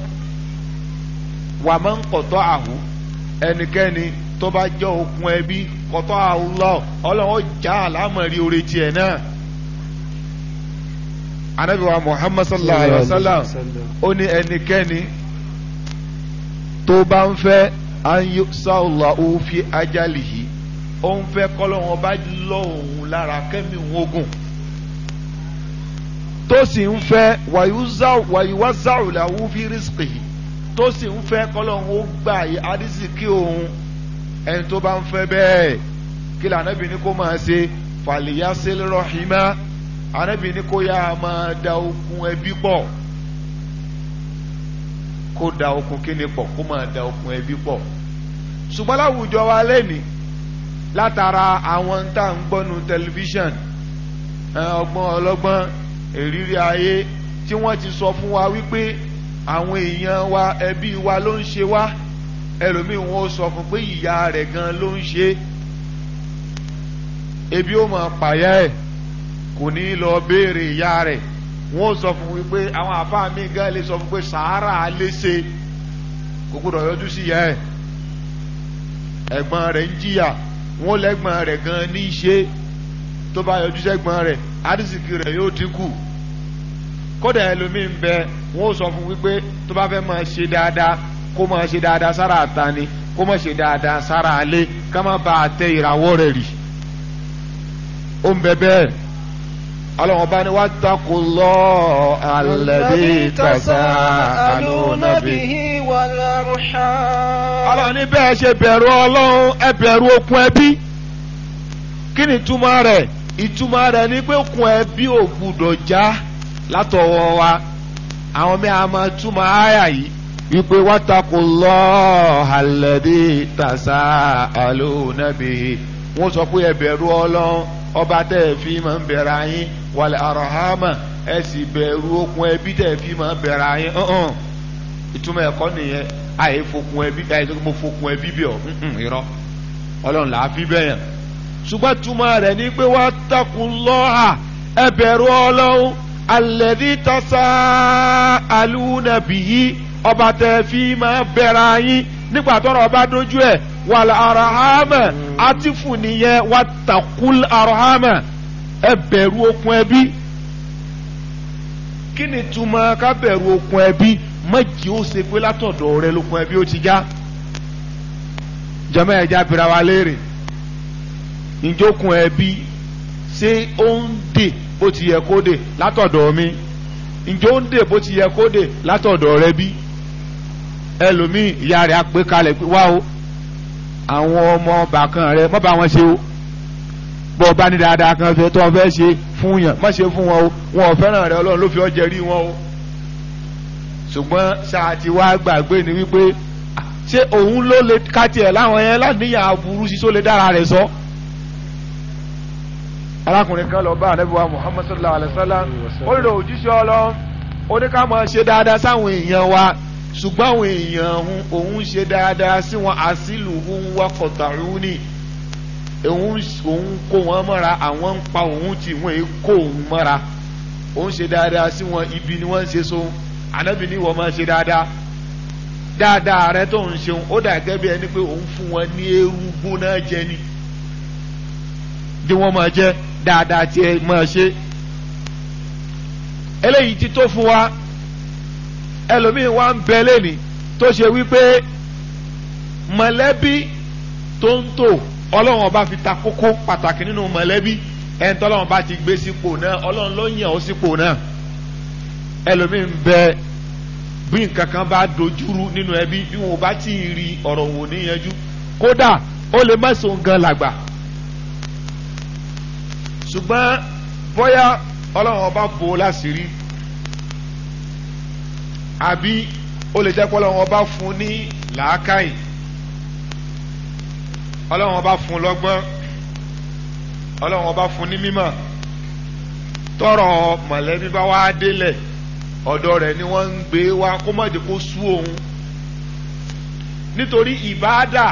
wà máa ń kọ̀tọ́ àhú ẹnikẹ́ni tó bá jẹ́ okun ẹbí kọ̀tọ́ àlọ́ ọlọ́run ó já àlámọ̀rí oore tiẹ̀ náà anabiwa muhammad sallallahu alaihi wasallam ó ní ẹnikẹ́ni tó bá ń fẹ́ anyosaulahu fi ajalihi ó ń fẹ́ kọ́lọ́hún ọba lọ́hùn lára kẹ́mi ogun tó sì ń fẹ́ wàyíwásáwò làwọn fi rìsíkì tó sì ń fẹ́ kọ́lọ́hún ó gbà àdìsíkì òun ẹni tó bá ń fẹ́ bẹ́ẹ̀ kí lànàbì ní kó máa ṣe fàlìyásílẹ̀ rọ̀hìmá ànàbì ní kó yá máa da okun ẹbí pọ̀ kó da okun kíni pọ̀ kó máa da okun ẹbí pọ̀ ṣùgbọ́n láwùjọ wa lẹ́nìí látara àwọn tá à ń gbọ́nu tẹlifíṣàn ọgbọ́n ọlọ́gbọ́n èrírí ayé tí wọ́n ti sọ fún wa wípé àwọn èèyàn wa ẹbí wa ló ń ṣe wá ẹlòmíì wọn ó sọ fún pé ìyá rẹ̀ gan ló ń ṣe ebi ó mọ̀ pàyà ẹ̀ kò ní lọ béèrè ìyá rẹ̀ wọn ó sọ fún wípé àwọn àfáà mi gan lè sọ fún pé sàárà lè ṣe kò gbọdọ̀ yọjú sí ìyá ẹ̀ ẹ̀gbọ́n rẹ̀ ń jìyà wọn lẹ́gbọ̀n rẹ̀ gan ní í ṣe tó bá yọjú sẹ́gbọ̀n rẹ̀ àdìsíkì rẹ̀ yóò dínkù kódà ẹlòmíín bẹ wọn ò sọ fún wípé tó bá fẹ́ máa ṣe dáadáa kó máa ṣe dáadáa sára àtàní kó máa ṣe dáadáa sára alé ká má bàa tẹ ìràwọ̀ rẹ̀ rì ó ń bẹ bẹ́ẹ̀ ọlọ́run ọba ni wattaqullaha alladhi tasaaluna bihi wal arham. ọlọ́run ní bẹ́ẹ̀ ṣe bẹ̀rù ọlọ́run ẹ bẹ̀rù okùn ẹbí kí ni ìtumọ̀ rẹ̀ ìtumọ̀ rẹ̀ ni pé okùn ẹbí ò gbúdọ̀ já látọwọ́ wa àwọn mi a máa túmọ̀ àyà yìí wípé wattaqullaha alladhi tasaaluna bihi wọ́n sọ pé ẹ bẹ̀rù ọba tẹ́ ẹ fi máa ń bẹ̀rẹ̀ ayín wàlẹ̀ àròhámà ẹ sì bẹ̀rù okùn ẹbí tẹ́ ẹ fi máa ń bẹ̀rẹ̀ ayín hàn ìtumọ̀ ẹ̀kọ́ nìyẹn àyè fokùn ẹbí àyè tó mo fokùn ẹbí bíọ̀ irọ́ ọlọ́run làá fi bẹ̀yàn ṣùgbọ́n túmọ̀ rẹ̀ ní pé wá takùn lọ́hà ẹ bẹ̀rù ọlọ́run alẹ́dí tasa alúnàbìyí ọba tẹ́ fi máa ń bẹ̀rẹ̀ ayín nígbà tọ́rọ̀ ọba dójú ẹ̀ wàlẹ̀ àròhámà atifu nìyẹn wattaqul arhama ẹ bẹ̀rù okùn ẹbí kí ni túmọ̀ ká bẹ̀rù okùn ẹbí méjì ó ṣe pé látọ̀dọ̀ rẹ lókun ẹbí ó ti já jọmọ ẹja bira wa léèrè ìjókun ẹbí ṣé ó ń dè bó ti yẹ kó dè látọ̀dọ̀ mi ǹjẹ́ ó ń dè bó ti yẹ kó dè látọ̀dọ̀ rẹ bí ẹlòmíì ìyá rẹ̀ á pé kalẹ̀ wá o àwọn ọmọ ọba kan rẹ mọ́ bá wọn ṣe o bọ́ ọba ní dáadáa kan fẹ́ tó fẹ́ ṣe fún yàn má ṣe fún wọn o wọn ò fẹ́ràn rẹ ọlọ́run ló fi ọ́ jẹrí wọn o ṣùgbọ́n ṣáà ti wá gbàgbé ni wípé ṣé òun ló lè kátì ẹ̀ láwọn yẹn láníyàn aburú sí tó lè dára rẹ̀ sọ. arákùnrin kan lọ bá anabiwa muhammadu sallallahu alaihi wa sallam ó lè òjíṣẹ́ ọlọ́run oníkàmọ́ ṣe dáadáa sáwọn èèyàn wa ṣùgbọ́n àwọn èèyàn òun ṣe dáadáa sí wọn àṣìlù òun wá kọ̀tàrú ni òun kó wọn mọ́ra àwọn ń pa òun tí wọ́n èé kó òun mọ́ra òun ṣe dáadáa sí wọn ibi ni wọ́n ń ṣe so ànábì ni wọ́n máa ṣe dáadáa dáadáa rẹ tó ń ṣeun ó dà gẹ́gẹ́ bí ẹni pé òun fún wọn ní eérú gbóná jẹ ni bí wọ́n máa jẹ dáadáa tiẹ̀ máa ṣe eléyìí ti tó fún wa ẹlòmíín wá ń bẹ lẹ́ni tó ṣe wípé mọ̀lẹ́bí tó ń tò ọlọ́run ọba fi ta kókó pàtàkì nínú mọ̀lẹ́bí ẹni tó ọlọ́run ọba ti gbé sípò náà ọlọ́run ló yàn ó sípò náà ẹlòmíín bẹ bí nǹkan kan bá dojúrú nínú ẹbí bí wọn bá ti rí ọ̀rọ̀ wò níyanjú kódà ó lè má sùn gan làgbà ṣùgbọ́n bóyá ọlọ́run ọba bò ó láṣìírí àbí ó lè jẹ́ pé ọlọ́run ọba fún un ní làákàyè ọlọ́run ọba fún un lọ́gbọ́n ọlọ́run ọba fún un ní mímọ̀ tọrọ mọ̀lẹ́bí bá wá délẹ̀ ọ̀dọ̀ rẹ̀ ni wọ́n ń gbé wá kó má jẹ́ kó sú òun nítorí ìbáàdà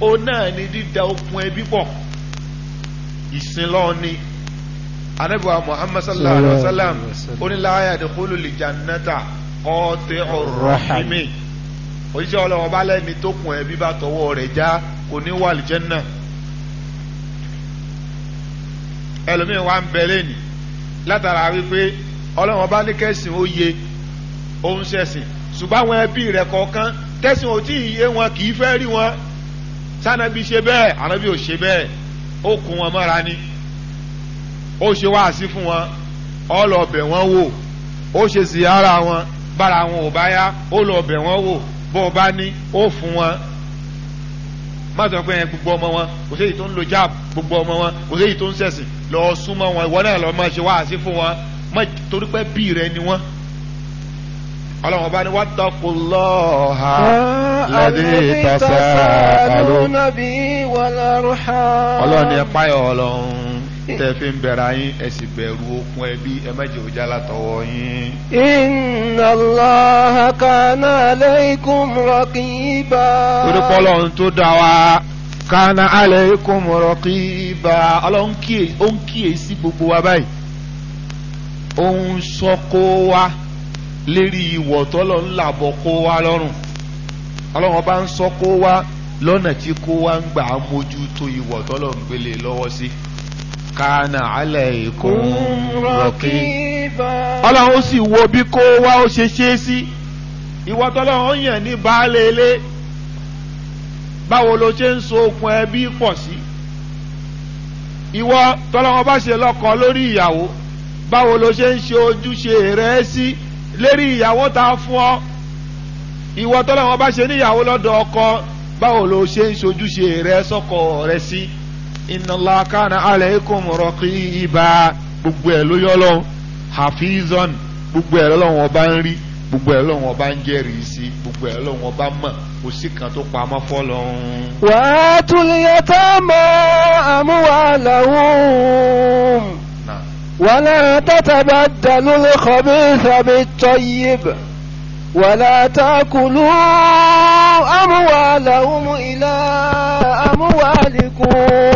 ó náà ni dídá okùn ẹbí pọ̀ ìsìn lọ́ọ́ ni anabiwa muhammad sallallahu alaihi wa sallam onílàáyà dẹ̀kọ́lù lìjànnáta kọ́ọ̀tì ọ̀rọ̀hìmì òṣìṣẹ́ ọlọ́wọ́n bá lẹ́ni tó kùn ẹ́ bí bá tọwọ́ rẹ̀ já kò ní wà lìjẹ́nà ẹlòmíì wà ń bẹ lẹ́nìí látara wípé ọlọ́wọ́n bá ní kẹ́sìn ó yẹ òun ṣẹ̀sìn ṣùgbọ́n àwọn ẹbí rẹ̀ kọ̀ọ̀kan tẹ́sìn ò tí ì yé wọn kì í fẹ́ rí wọn sanabi ṣe bẹ́ẹ̀ anabi ò ṣe bẹ́ẹ̀ ó kun wọn mọ́ra ni ó ṣe wáàsí fún wọn ó lọ wò ó ṣe ziyara wọn bára wọn ò bá yá ó lọ bẹ̀ wọ́n wò bó o bá ní ó fún wọn má sọ pé gbogbo ọmọ wọn kò séyìí tó ń lo jab gbogbo ọmọ wọn kò séyìí tó ń ṣẹ̀sìn lọ súnmọ́ wọn ìwọ náà lọ máa ṣe wáàsí fún wọn má torí pé bí rẹ ni wọn ọlọ́run ọba ni wọ́n tọ́kù lọ́ọ̀ha lẹ́dí tọ́sẹ̀ àlọ́ ọlọ́run ni páyọ̀ ọlọ́run. tẹ́fí ń bẹ̀rẹ̀ ayín ẹ̀sì bẹ̀rù okun ẹbí ẹmẹ́jẹ̀ òjá látọwọ́ yín. Inna Allaha kana alaykum raqiba. orúkọ ọlọ́run tó dá wa ó ń gbogbo wa báyìí ó ń sọ́kó wa lérí ìwọ̀ tọ́lọ́ ń làbọ̀ kó wa lọ́rùn ọba ń wa lọ́nà tí kó wa ń gbà á Si Kana alẹ́ èkó rọ̀kí ọlọ́run ó sì wo bí kó wá ó ṣe ṣe é sí ìwọ tọ́lọ́run ó yàn ní baálé ilé báwo ló ṣe ń so okùn ẹbí pọ̀ sí ìwọ tọ́lọ́run bá ṣe lọ́kọ lórí ìyàwó báwo ló ṣe ń ṣe ojúṣe rẹ sí lérí ìyàwó ta fún ọ ìwọ tọ́lọ́run bá ṣe níyàwó lọ́dọ̀ ọkọ báwo ló ṣe ń ṣojúṣe rẹ sọ́kọ rẹ sí. Si inna Allah kana alaykum raqiba gbogbo ẹ̀ ló yọ lọ́wọ́ hafizan gbogbo ẹ̀ lọ́wọ́ ọba ń rí gbogbo ẹ̀ lọ́wọ́ ọba ń jẹ́rìí sí gbogbo ẹ̀ lọ́wọ́ ọba mọ̀ kò sí kan tó pamọ́ fọ́lọ́run. wa atul yatama amwalahum wala tatabaddalu al-khabitha bit-tayyib wala ta'kulu amwalahum ila amwalikum.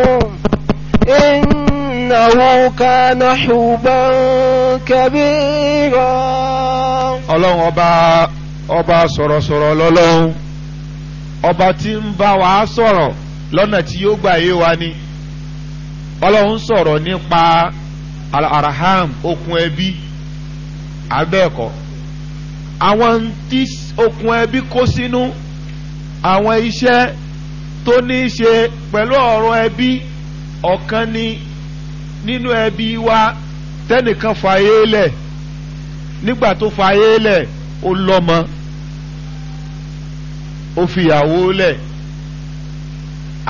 إنه كان حبا كبيرا ọlọ́run ọba ọba sọ̀rọ̀sọ̀rọ̀ lọ́lọ́run ọba tí ń bá wa sọ̀rọ̀ lọ́nà tí yóò gbà yé wa ni ọlọ́run sọ̀rọ̀ nípa abẹ́ẹ̀kọ́ àwọn tí okun ẹbí kó sínú àwọn iṣẹ́ tó ní í ṣe ọ̀kan ni nínú ẹbí wa tẹnìkan fààyè lẹ̀ nígbà tó fààyè lẹ̀ ó lọ́mọ ó fìyàwó lẹ̀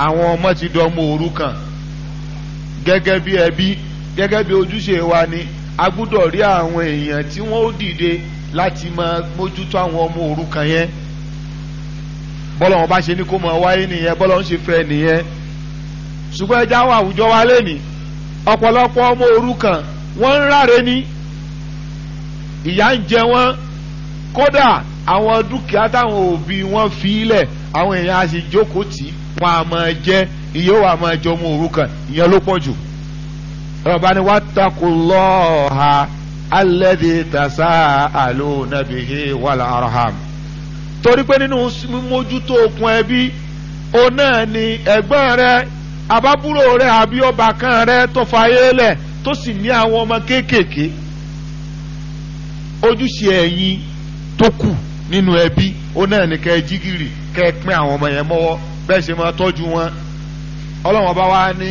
àwọn ọmọ ti dọmọ òrukàn gẹ́gẹ́ bí ẹbí gẹ́gẹ́ bí ojúṣe wa ni a gbúdọ̀ rí àwọn èèyàn tí wọ́n ó dìde láti máa mójútó àwọn ọmọ òrukàn yẹn bọ́lá wọn bá ṣe ní kó máa wáyé nìyẹn bọ́lá wọn ṣe fẹ́ nìyẹn ṣùgbọ́n ẹja wà àwùjọ wa lẹ́ni ọ̀pọ̀lọpọ̀ ọmọ òrukàn wọ́n ń ráre ní ìyà ń jẹ wọ́n kódà àwọn dúkìá táwọn òbí wọn fi lẹ̀ àwọn èèyàn á sì jókòó tì í wọn á máa jẹ ìyẹn wà máa jẹ ọmọ òrukàn ìyẹn ló pọ̀ jù. ọba ni wattaqullaha alladhi tasa'aluna bihi wal arham. torí pé nínú mímójútó okùn ẹbí òun náà ni ẹ̀gbọ́n rẹ̀ àbábúrò rẹ àbí ọba kan rẹ tó fayé lẹ̀ tó sì ní àwọn ọmọ kéékèèké ojúṣe ẹ̀yin tó kù nínú ẹbí ó náà ní kẹ́ ẹ jí gìrì kẹ́ ẹ pín àwọn ọmọ yẹn mọ́wọ́ bẹ́ẹ̀ ṣe máa tọ́jú wọn ọlọ́wọ́n bá wá ní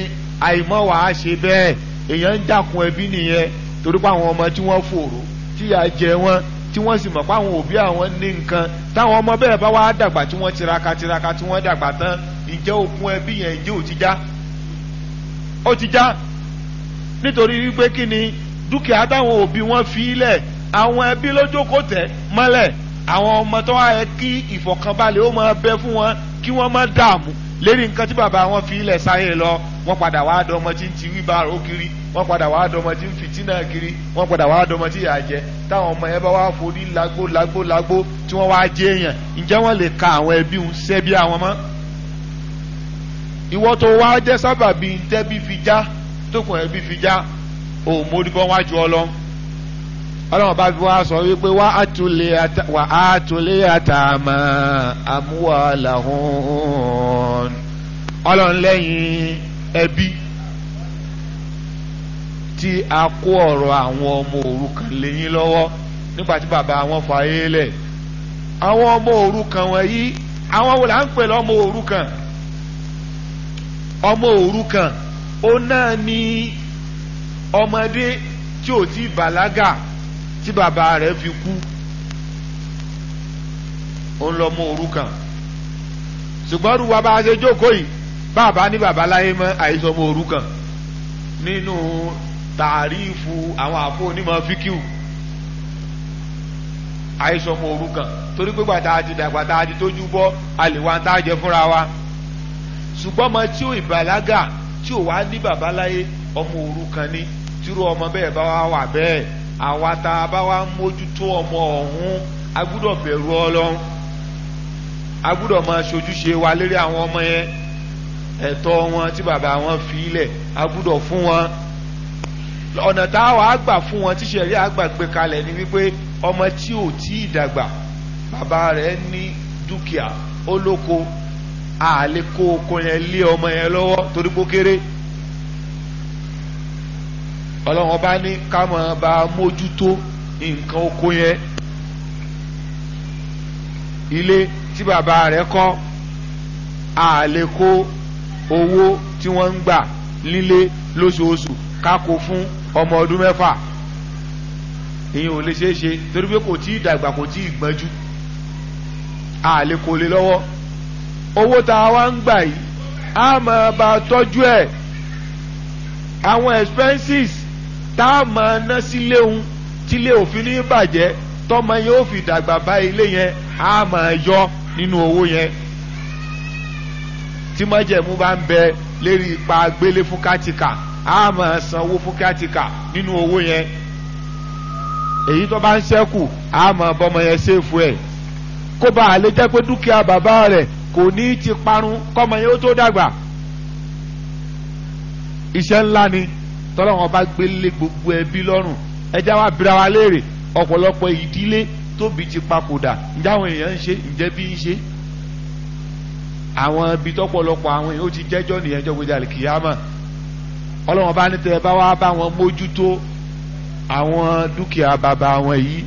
àìmọ́ wàá ṣe bẹ́ẹ̀ èèyàn ń dàkun ẹbí nìyẹn torí àwọn ọmọ tí wọ́n fòrò tíyà jẹ wọ́n tí wọ́n sì mọ̀ pé àwọn òbí àwọn ní nǹkan táwọn ọmọ bẹ́ẹ̀ bá wá dàgbà tí wọ́n tiraka tiraka tí wọ́n dàgbà tán ǹjẹ́ okun ẹbí yẹn ǹjẹ́ ò ti já ó ti já nítorí wípé kí ni dúkìá táwọn òbí wọn fi lẹ̀ àwọn ẹbí lójókòó tẹ̀ mọ́lẹ̀ àwọn ọmọ tó wá yẹ kí ìfọ̀kànbalẹ̀ ó máa bẹ fún wọn kí wọ́n má dààmú lérí nǹkan tí bàbá wọn fi ilẹ̀ sáyé lọ wọ́n padà wá dọmọ tí ń ti wíbà ró kiri wọ́n padà wá dọmọ tí ń fìtínà kiri wọ́n padà wá dọmọ tí yà jẹ táwọn ọmọ yẹn bá wá forí lágbó lágbó lágbó tí wọ́n wá jẹ èèyàn ǹjẹ́ wọ́n lè ka àwọn ẹbí ń sẹ́bí àwọn mọ́. ìwọ́ tó wá jẹ́ sábàbí tẹ́bí fi já tókùn ẹbí fi já òun mórí bọ́ wájú ọlọ́run ọlọ́run bá fi wá sọ wípé wà á tulé àtàmà amúhàlàhún ọlọ́run lẹ́yìn ẹbí tí a kó ọ̀rọ̀ àwọn ọmọ òrukàn lẹ́yìn lọ́wọ́ nígbà tí bàbá wọn fà é lẹ̀ àwọn ọmọ òrukàn wọ̀nyí àwọn wo ń pè lọ́mọ òrukàn ọmọ òrukàn ó náà ní ọmọdé tí ò ti bàlágà tí bàbá rẹ̀ fi kú ó ń lọ mú òrukàn ṣùgbọ́n rú wa bá a ṣe jókòó yìí bàbá ní bàbá láyé mọ́ àìsàn ọmọ òrukàn nínú tàrífù àwọn àfọ onímọ̀ fíkìú àìsàn ọmọ òrukàn torí pé gbàtà àti dàgbàtà àti tójú bọ́ àlèwà ń fúnra wa ṣùgbọ́n ọmọ tí ò ìbàlágà tí ò wá ní bàbá láyé ọmọ òrukàn ni tírú ọmọ bẹ́ẹ̀ bá wà bẹ́ẹ̀ àwa tá a bá wa mójútó ọmọ ọ̀hún a gbúdọ̀ bẹ̀rù ọlọ́run a gbúdọ̀ máa ṣojúṣe wa lérí àwọn ọmọ yẹn ẹ̀tọ́ wọn tí bàbá wọn fi ilẹ̀ a gbúdọ̀ fún wọn ọ̀nà tá a wàá gbà fún wọn tí sẹ̀rí àgbà gbé kalẹ̀ ni wípé ọmọ tí ò tí ì dàgbà bàbá rẹ̀ ní dúkìá ó lóko àlè lé ọmọ yẹn lọ́wọ́ torí pé kéré ọlọ́run ọba ní ká máa bá mójútó nǹkan oko yẹn ilé tí bàbá rẹ̀ kọ́ àlè kó owó tí wọ́n ń gbà nílé lóṣooṣù kákó fún ọmọ ọdún mẹ́fà ìyẹn ò lè ṣeé ṣe torí pé kò tí ì dàgbà kò tí ì gbọ́njú àlè kò lè lọ́wọ́ owó tá a wá ń gbà yìí a máa bá tọ́jú ẹ̀ àwọn expenses tá a máa ná sílé òun tílé òfin ní bàjẹ́ tọ́mọ yẹn ó fi dàgbà bá ilé yẹn á máa yọ nínú owó yẹn tí májẹ̀mú bá ń bẹ lérí ipa gbélé fún kátìkà á máa sanwó fún kátìkà nínú owó yẹn èyí tó bá ń ṣẹ́kù á máa bọ́mọ yẹn ṣéèfù ẹ̀ kó bá a lè jẹ́ pé dúkìá bàbá rẹ̀ kò ní ti parun kọ́mọ yẹn ó tó dàgbà iṣẹ́ ńlá ni tọ́lọ́wọ́n bá gbélé gbogbo ẹbí lọ́rùn ẹjá wa bira wa léèrè ọ̀pọ̀lọpọ̀ ìdílé tóbi ti papòdà ǹjẹ́ àwọn èèyàn ń ṣe ǹjẹ́ bí ń ṣe àwọn ibi tọ́pọ̀lọpọ̀ àwọn èèyàn ó ti jẹ́jọ́ nìyẹn jọ́ gbèjà kìyàmà ọlọ́wọ́n bá ní tẹ́ bá wá bá wọn mójútó àwọn dúkìá bàbá wọn yìí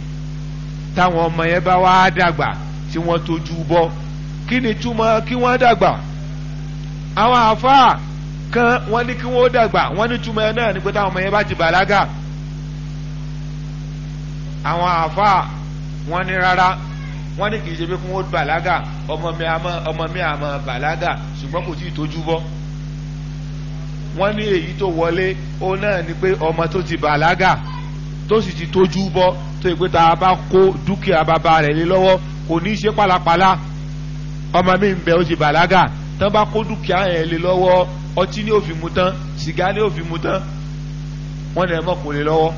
táwọn ọmọ yẹn bá wá dàgbà tí wọ́n tójú bọ́ kí ni túmọ̀ kí wọ́n dàgbà àwọn àfáà kan wọ́n ní kí wọ́n dàgbà wọ́n ní túmọ̀ ẹ náà ní pé táwọn ọmọ yẹn bá ti bàlágà àwọn àáfàá wọ́n ní rárá wọ́n ní kì í ṣe pé kí wọ́n bàlágà ọmọ mi àmọ́ ọmọ mi àmọ́ bàlágà ṣùgbọ́n kò tí tójú bọ́ wọ́n ní èyí tó wọlé ó náà ni pé ọmọ tó ti bàlágà tó sì ti tójú bọ́ tó yẹ pé tá a bá kó dúkìá bàbá rẹ̀ lé lọ́wọ́ kò ní í ṣe pálapàla ọmọ mi ń bẹ ó ti bàlágà tán bá kó dúkìá yẹn lé lọ́wọ́ ọtí ni ó fi mu tán sìgá ni ó fi mu tán wọ́n lè mọ̀ kó lé lọ́wọ́.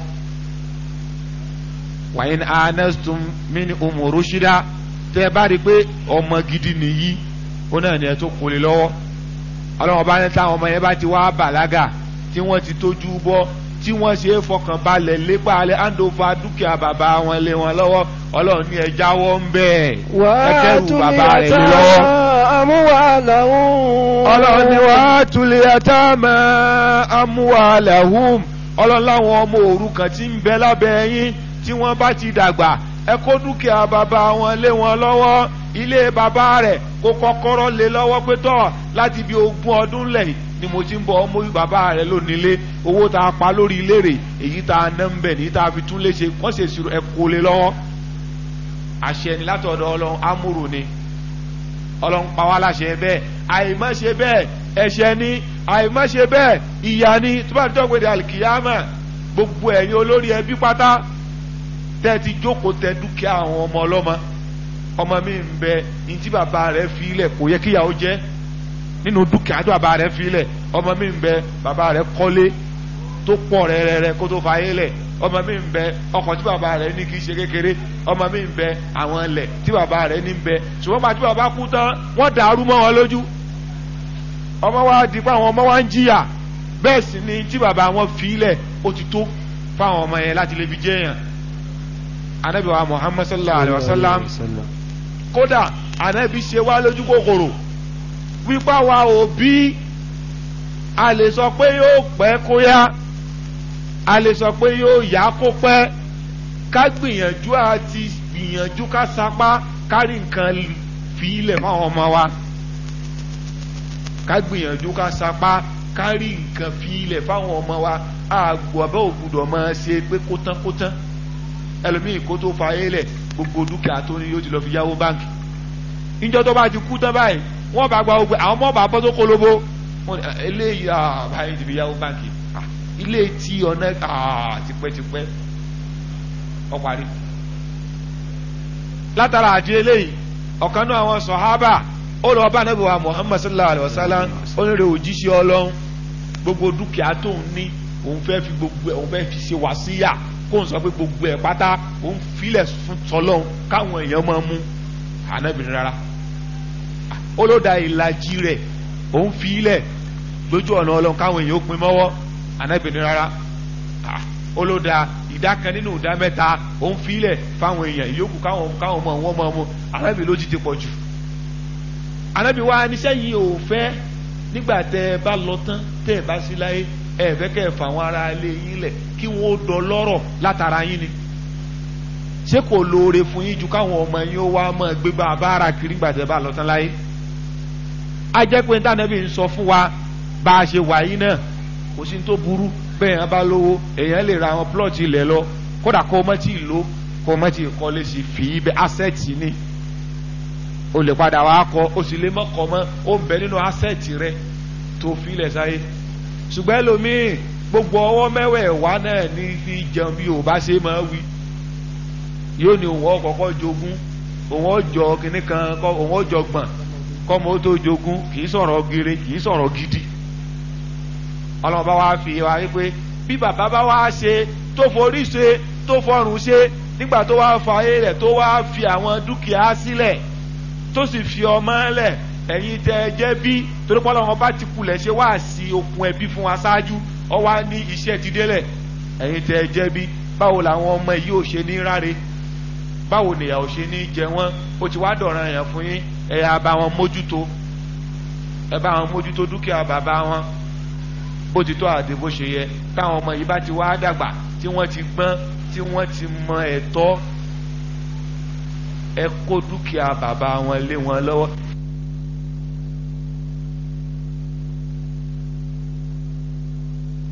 wàyí ni anastum mi ni umu rushida tẹ́ ẹ bá rí i pé ọmọ gidi nìyí ó náà ní ẹ tó kó lé lọ́wọ́ ọlọ́wọ́n bá ní táwọn ọmọ yẹn bá ti wá bàlágà tí wọ́n ti tójú bọ́ tí wọ́n ṣe é fọkàn balẹ̀ lépa alẹ́ àndófa dúkìá bàbá wọn lé wọn lọ́wọ́ ọlọ́run ní ẹja wọ́ ń ẹkẹ́rù bàbá rẹ̀ lọ́wọ́. ọlọ́run ni wàá tulẹ̀ ẹ̀tá mọ́ amúhàlàhùn ọlọ́run láwọn ọmọ òrukàn tí ń bẹ lábẹ́ yín tí wọ́n bá ti dàgbà ẹ kó dúkìá bàbá wọn lé wọn lọ́wọ́ ilé bàbá rẹ̀ kó kọ́kọ́rọ́ lé lọ́wọ́ pé tọ́ láti bí ogún ọdún lẹ́yìn ni mo ti ń bọ ọmọ bàbá rẹ lónílé owó tá a pa lórí ilé rẹ̀ èyí tá a ná ń bẹ̀ ní tá a fi tún lé ṣe wọ́n ṣe sùúrù ẹ̀ kó lé lọ́wọ́ àṣẹ ni látọ̀dọ̀ ọlọ́run amúrò ni ọlọ́run pa wá láṣẹ bẹ́ẹ̀ àìmọ́ṣe bẹ́ẹ̀ ẹ̀ṣẹ̀ ni àìmọ́ṣe bẹ́ẹ̀ ìyà ni tó bá dọ́gbé de alikiyama gbogbo ẹ̀yin olórí ẹbí pátá tẹ́ ti jókòó tẹ dúkìá àwọn ọmọ ọlọ́mọ ọmọ mi ń bẹ ní tí bàbá rẹ̀ fi ilẹ̀ kò yẹ kíyàwó jẹ́ nínú dúkìá tó bàbá rẹ̀ filẹ̀ ọmọ mi ń bẹ bàbá rẹ̀ kọ́lé tó pọ̀ rẹ́rẹ́rẹ́ kó tó fa yélẹ̀ ọmọ mi ń bẹ ọkọ̀ tí bàbá rẹ̀ ní kì í ṣe kékeré ọmọ mi ń bẹ àwọn ilẹ̀ tí bàbá rẹ̀ ní ń bẹ ṣùgbọ́n pàtí bàbá kú tán wọ́n dàrú mọ́ wọn lójú ọmọ wa di pé àwọn ọmọ wa ń jìyà bẹ́ẹ̀ sì ni tí bàbá wọn filẹ̀ ó ti tó fáwọn ọmọ yẹn láti lè fi jẹ́ yàn anabi wa sallallahu alayhi wa sallam kódà anabi ṣe wá lójú kòkòrò wípá wa òbí a lè sọ pé yóò pẹ́ kó yá a lè sọ pé yóò yá kó pẹ́ ká gbìyànjú àti gbìyànjú ká sapá kárí nǹkan fi ilẹ̀ fáwọn ọmọ wa ká gbìyànjú ká sapá kárí nǹkan fi ilẹ̀ fáwọn ọmọ wa àgbò abẹ́ òkúdọ̀ máa ṣe pé kótán kótán ẹlòmíì kó tó fa ayé lẹ̀ gbogbo dúkìá tó ní yóò ti lọ fi yáwó báńkì níjọ́ tó bá ti kú tán báyìí wọ́n bá gba ogun àwọn ọmọ bá bọ́ tó kólóbó wọ́n ní ah, eléyìí ah, báyìí ti fi yáwó báńkì ilé tí ọ̀nà ah, tipẹ́tipẹ́ ó parí. látara àti eléyìí ọ̀kan náà àwọn sọ̀hábà ó lọ bá anábì wa Muhammad sallallahu alayhi wa sallam ó ní ọlọ́run gbogbo dúkìá tó ń ní òun fẹ́ fi gbogbo ẹ̀ òun fẹ́ fi ṣe wàsíyà kó n sọ pé gbogbo ẹ̀ pátá òun filẹ̀ fún káwọn èèyàn máa mú ànábìrin rárá ó ló da ìlàjì rẹ̀ òun fi ilẹ̀ lójú ọ̀nà ọlọ́run káwọn èèyàn ó pin mọ́wọ́ ànábì ní rárá ah, ó ló da ìdá kan nínú ìdá mẹ́ta òun fi ilẹ̀ fáwọn èèyàn ìyókù káwọn káwọn ọmọ wọn mọ ọmọ ànábì ló ti ti pọ̀ jù ànábì wa níṣẹ́ yìí ò fẹ́ nígbà tẹ ẹ bá lọ tán tẹ ẹ bá sí láyé ẹ fẹ́ kẹ́ ẹ fà wọn ara lé yín lẹ̀ kí wọ́n dọ lọ́rọ̀ látara yín ni ṣé kò lóore fún yín ju káwọn ọmọ yín ó wá máa gbé bá a bá ara kiri nígbà tẹ ẹ bá lọ tán láyé a jẹ́ pé tànàbí ń sọ fún wa bá a ṣe wà yìí náà kò sí tó burú bẹ́ẹ̀ yẹn bá lówó èèyàn lè ra àwọn plot ilẹ̀ lọ kódà kó mọ́ tí ì lò kó mọ́ tí ì kọ́ lé sí fi ibẹ̀ asset ni o lè padà wá kọ o sì lè mọ́ kọ́ mọ́ o ń nínú asset rẹ tó fi ilẹ̀ sáyé ṣùgbọ́n ẹlòmíì gbogbo ọwọ́ mẹ́wẹ̀ẹ̀wá náà ní fi jẹun bí Yorùbá ṣe máa wí yóò ní òun ọkọ̀ọ̀kọ̀ jogún òun ọjọ́ kìnnìkan òun ọjọ́ gbọ̀n kọ́mọ ó tó jogún kì í sọ̀rọ̀ gire kì í sọ̀rọ̀ gidi ọlọ́run bá wá fi wá wípé bí bàbá bá wá ṣe tó forí ṣe tó fọrùn ṣe nígbà tó wá fa ayé rẹ̀ tó wá fi àwọn dúkìá sílẹ̀ tó sì fi ọmọ lẹ̀ ẹ̀yin tẹ́ ẹ jẹ́ bí torí pé ọlọ́run bá ti kulẹ̀ ṣe wá sí okun ẹbí fún wa ṣáájú ọ wá ní iṣẹ́ ti délẹ̀ ẹ̀yin tẹ́ ẹ jẹ́ bí báwo làwọn ọmọ yìí ò ṣe ní ráre báwo nìyà ṣe ní jẹ wọ́n ó ti wá dọ̀ràn yẹn fún yín ẹ yà bá wọn mójútó ẹ bá wọn mójútó dúkìá bàbá wọn bó ti tó àdé bó ṣe yẹ táwọn ọmọ yìí bá ti wá dàgbà tí wọ́n ti gbọ́n tí wọ́n ti mọ ẹ̀tọ́ ẹ kó dúkìá bàbá wọn lé wọn lọ́wọ́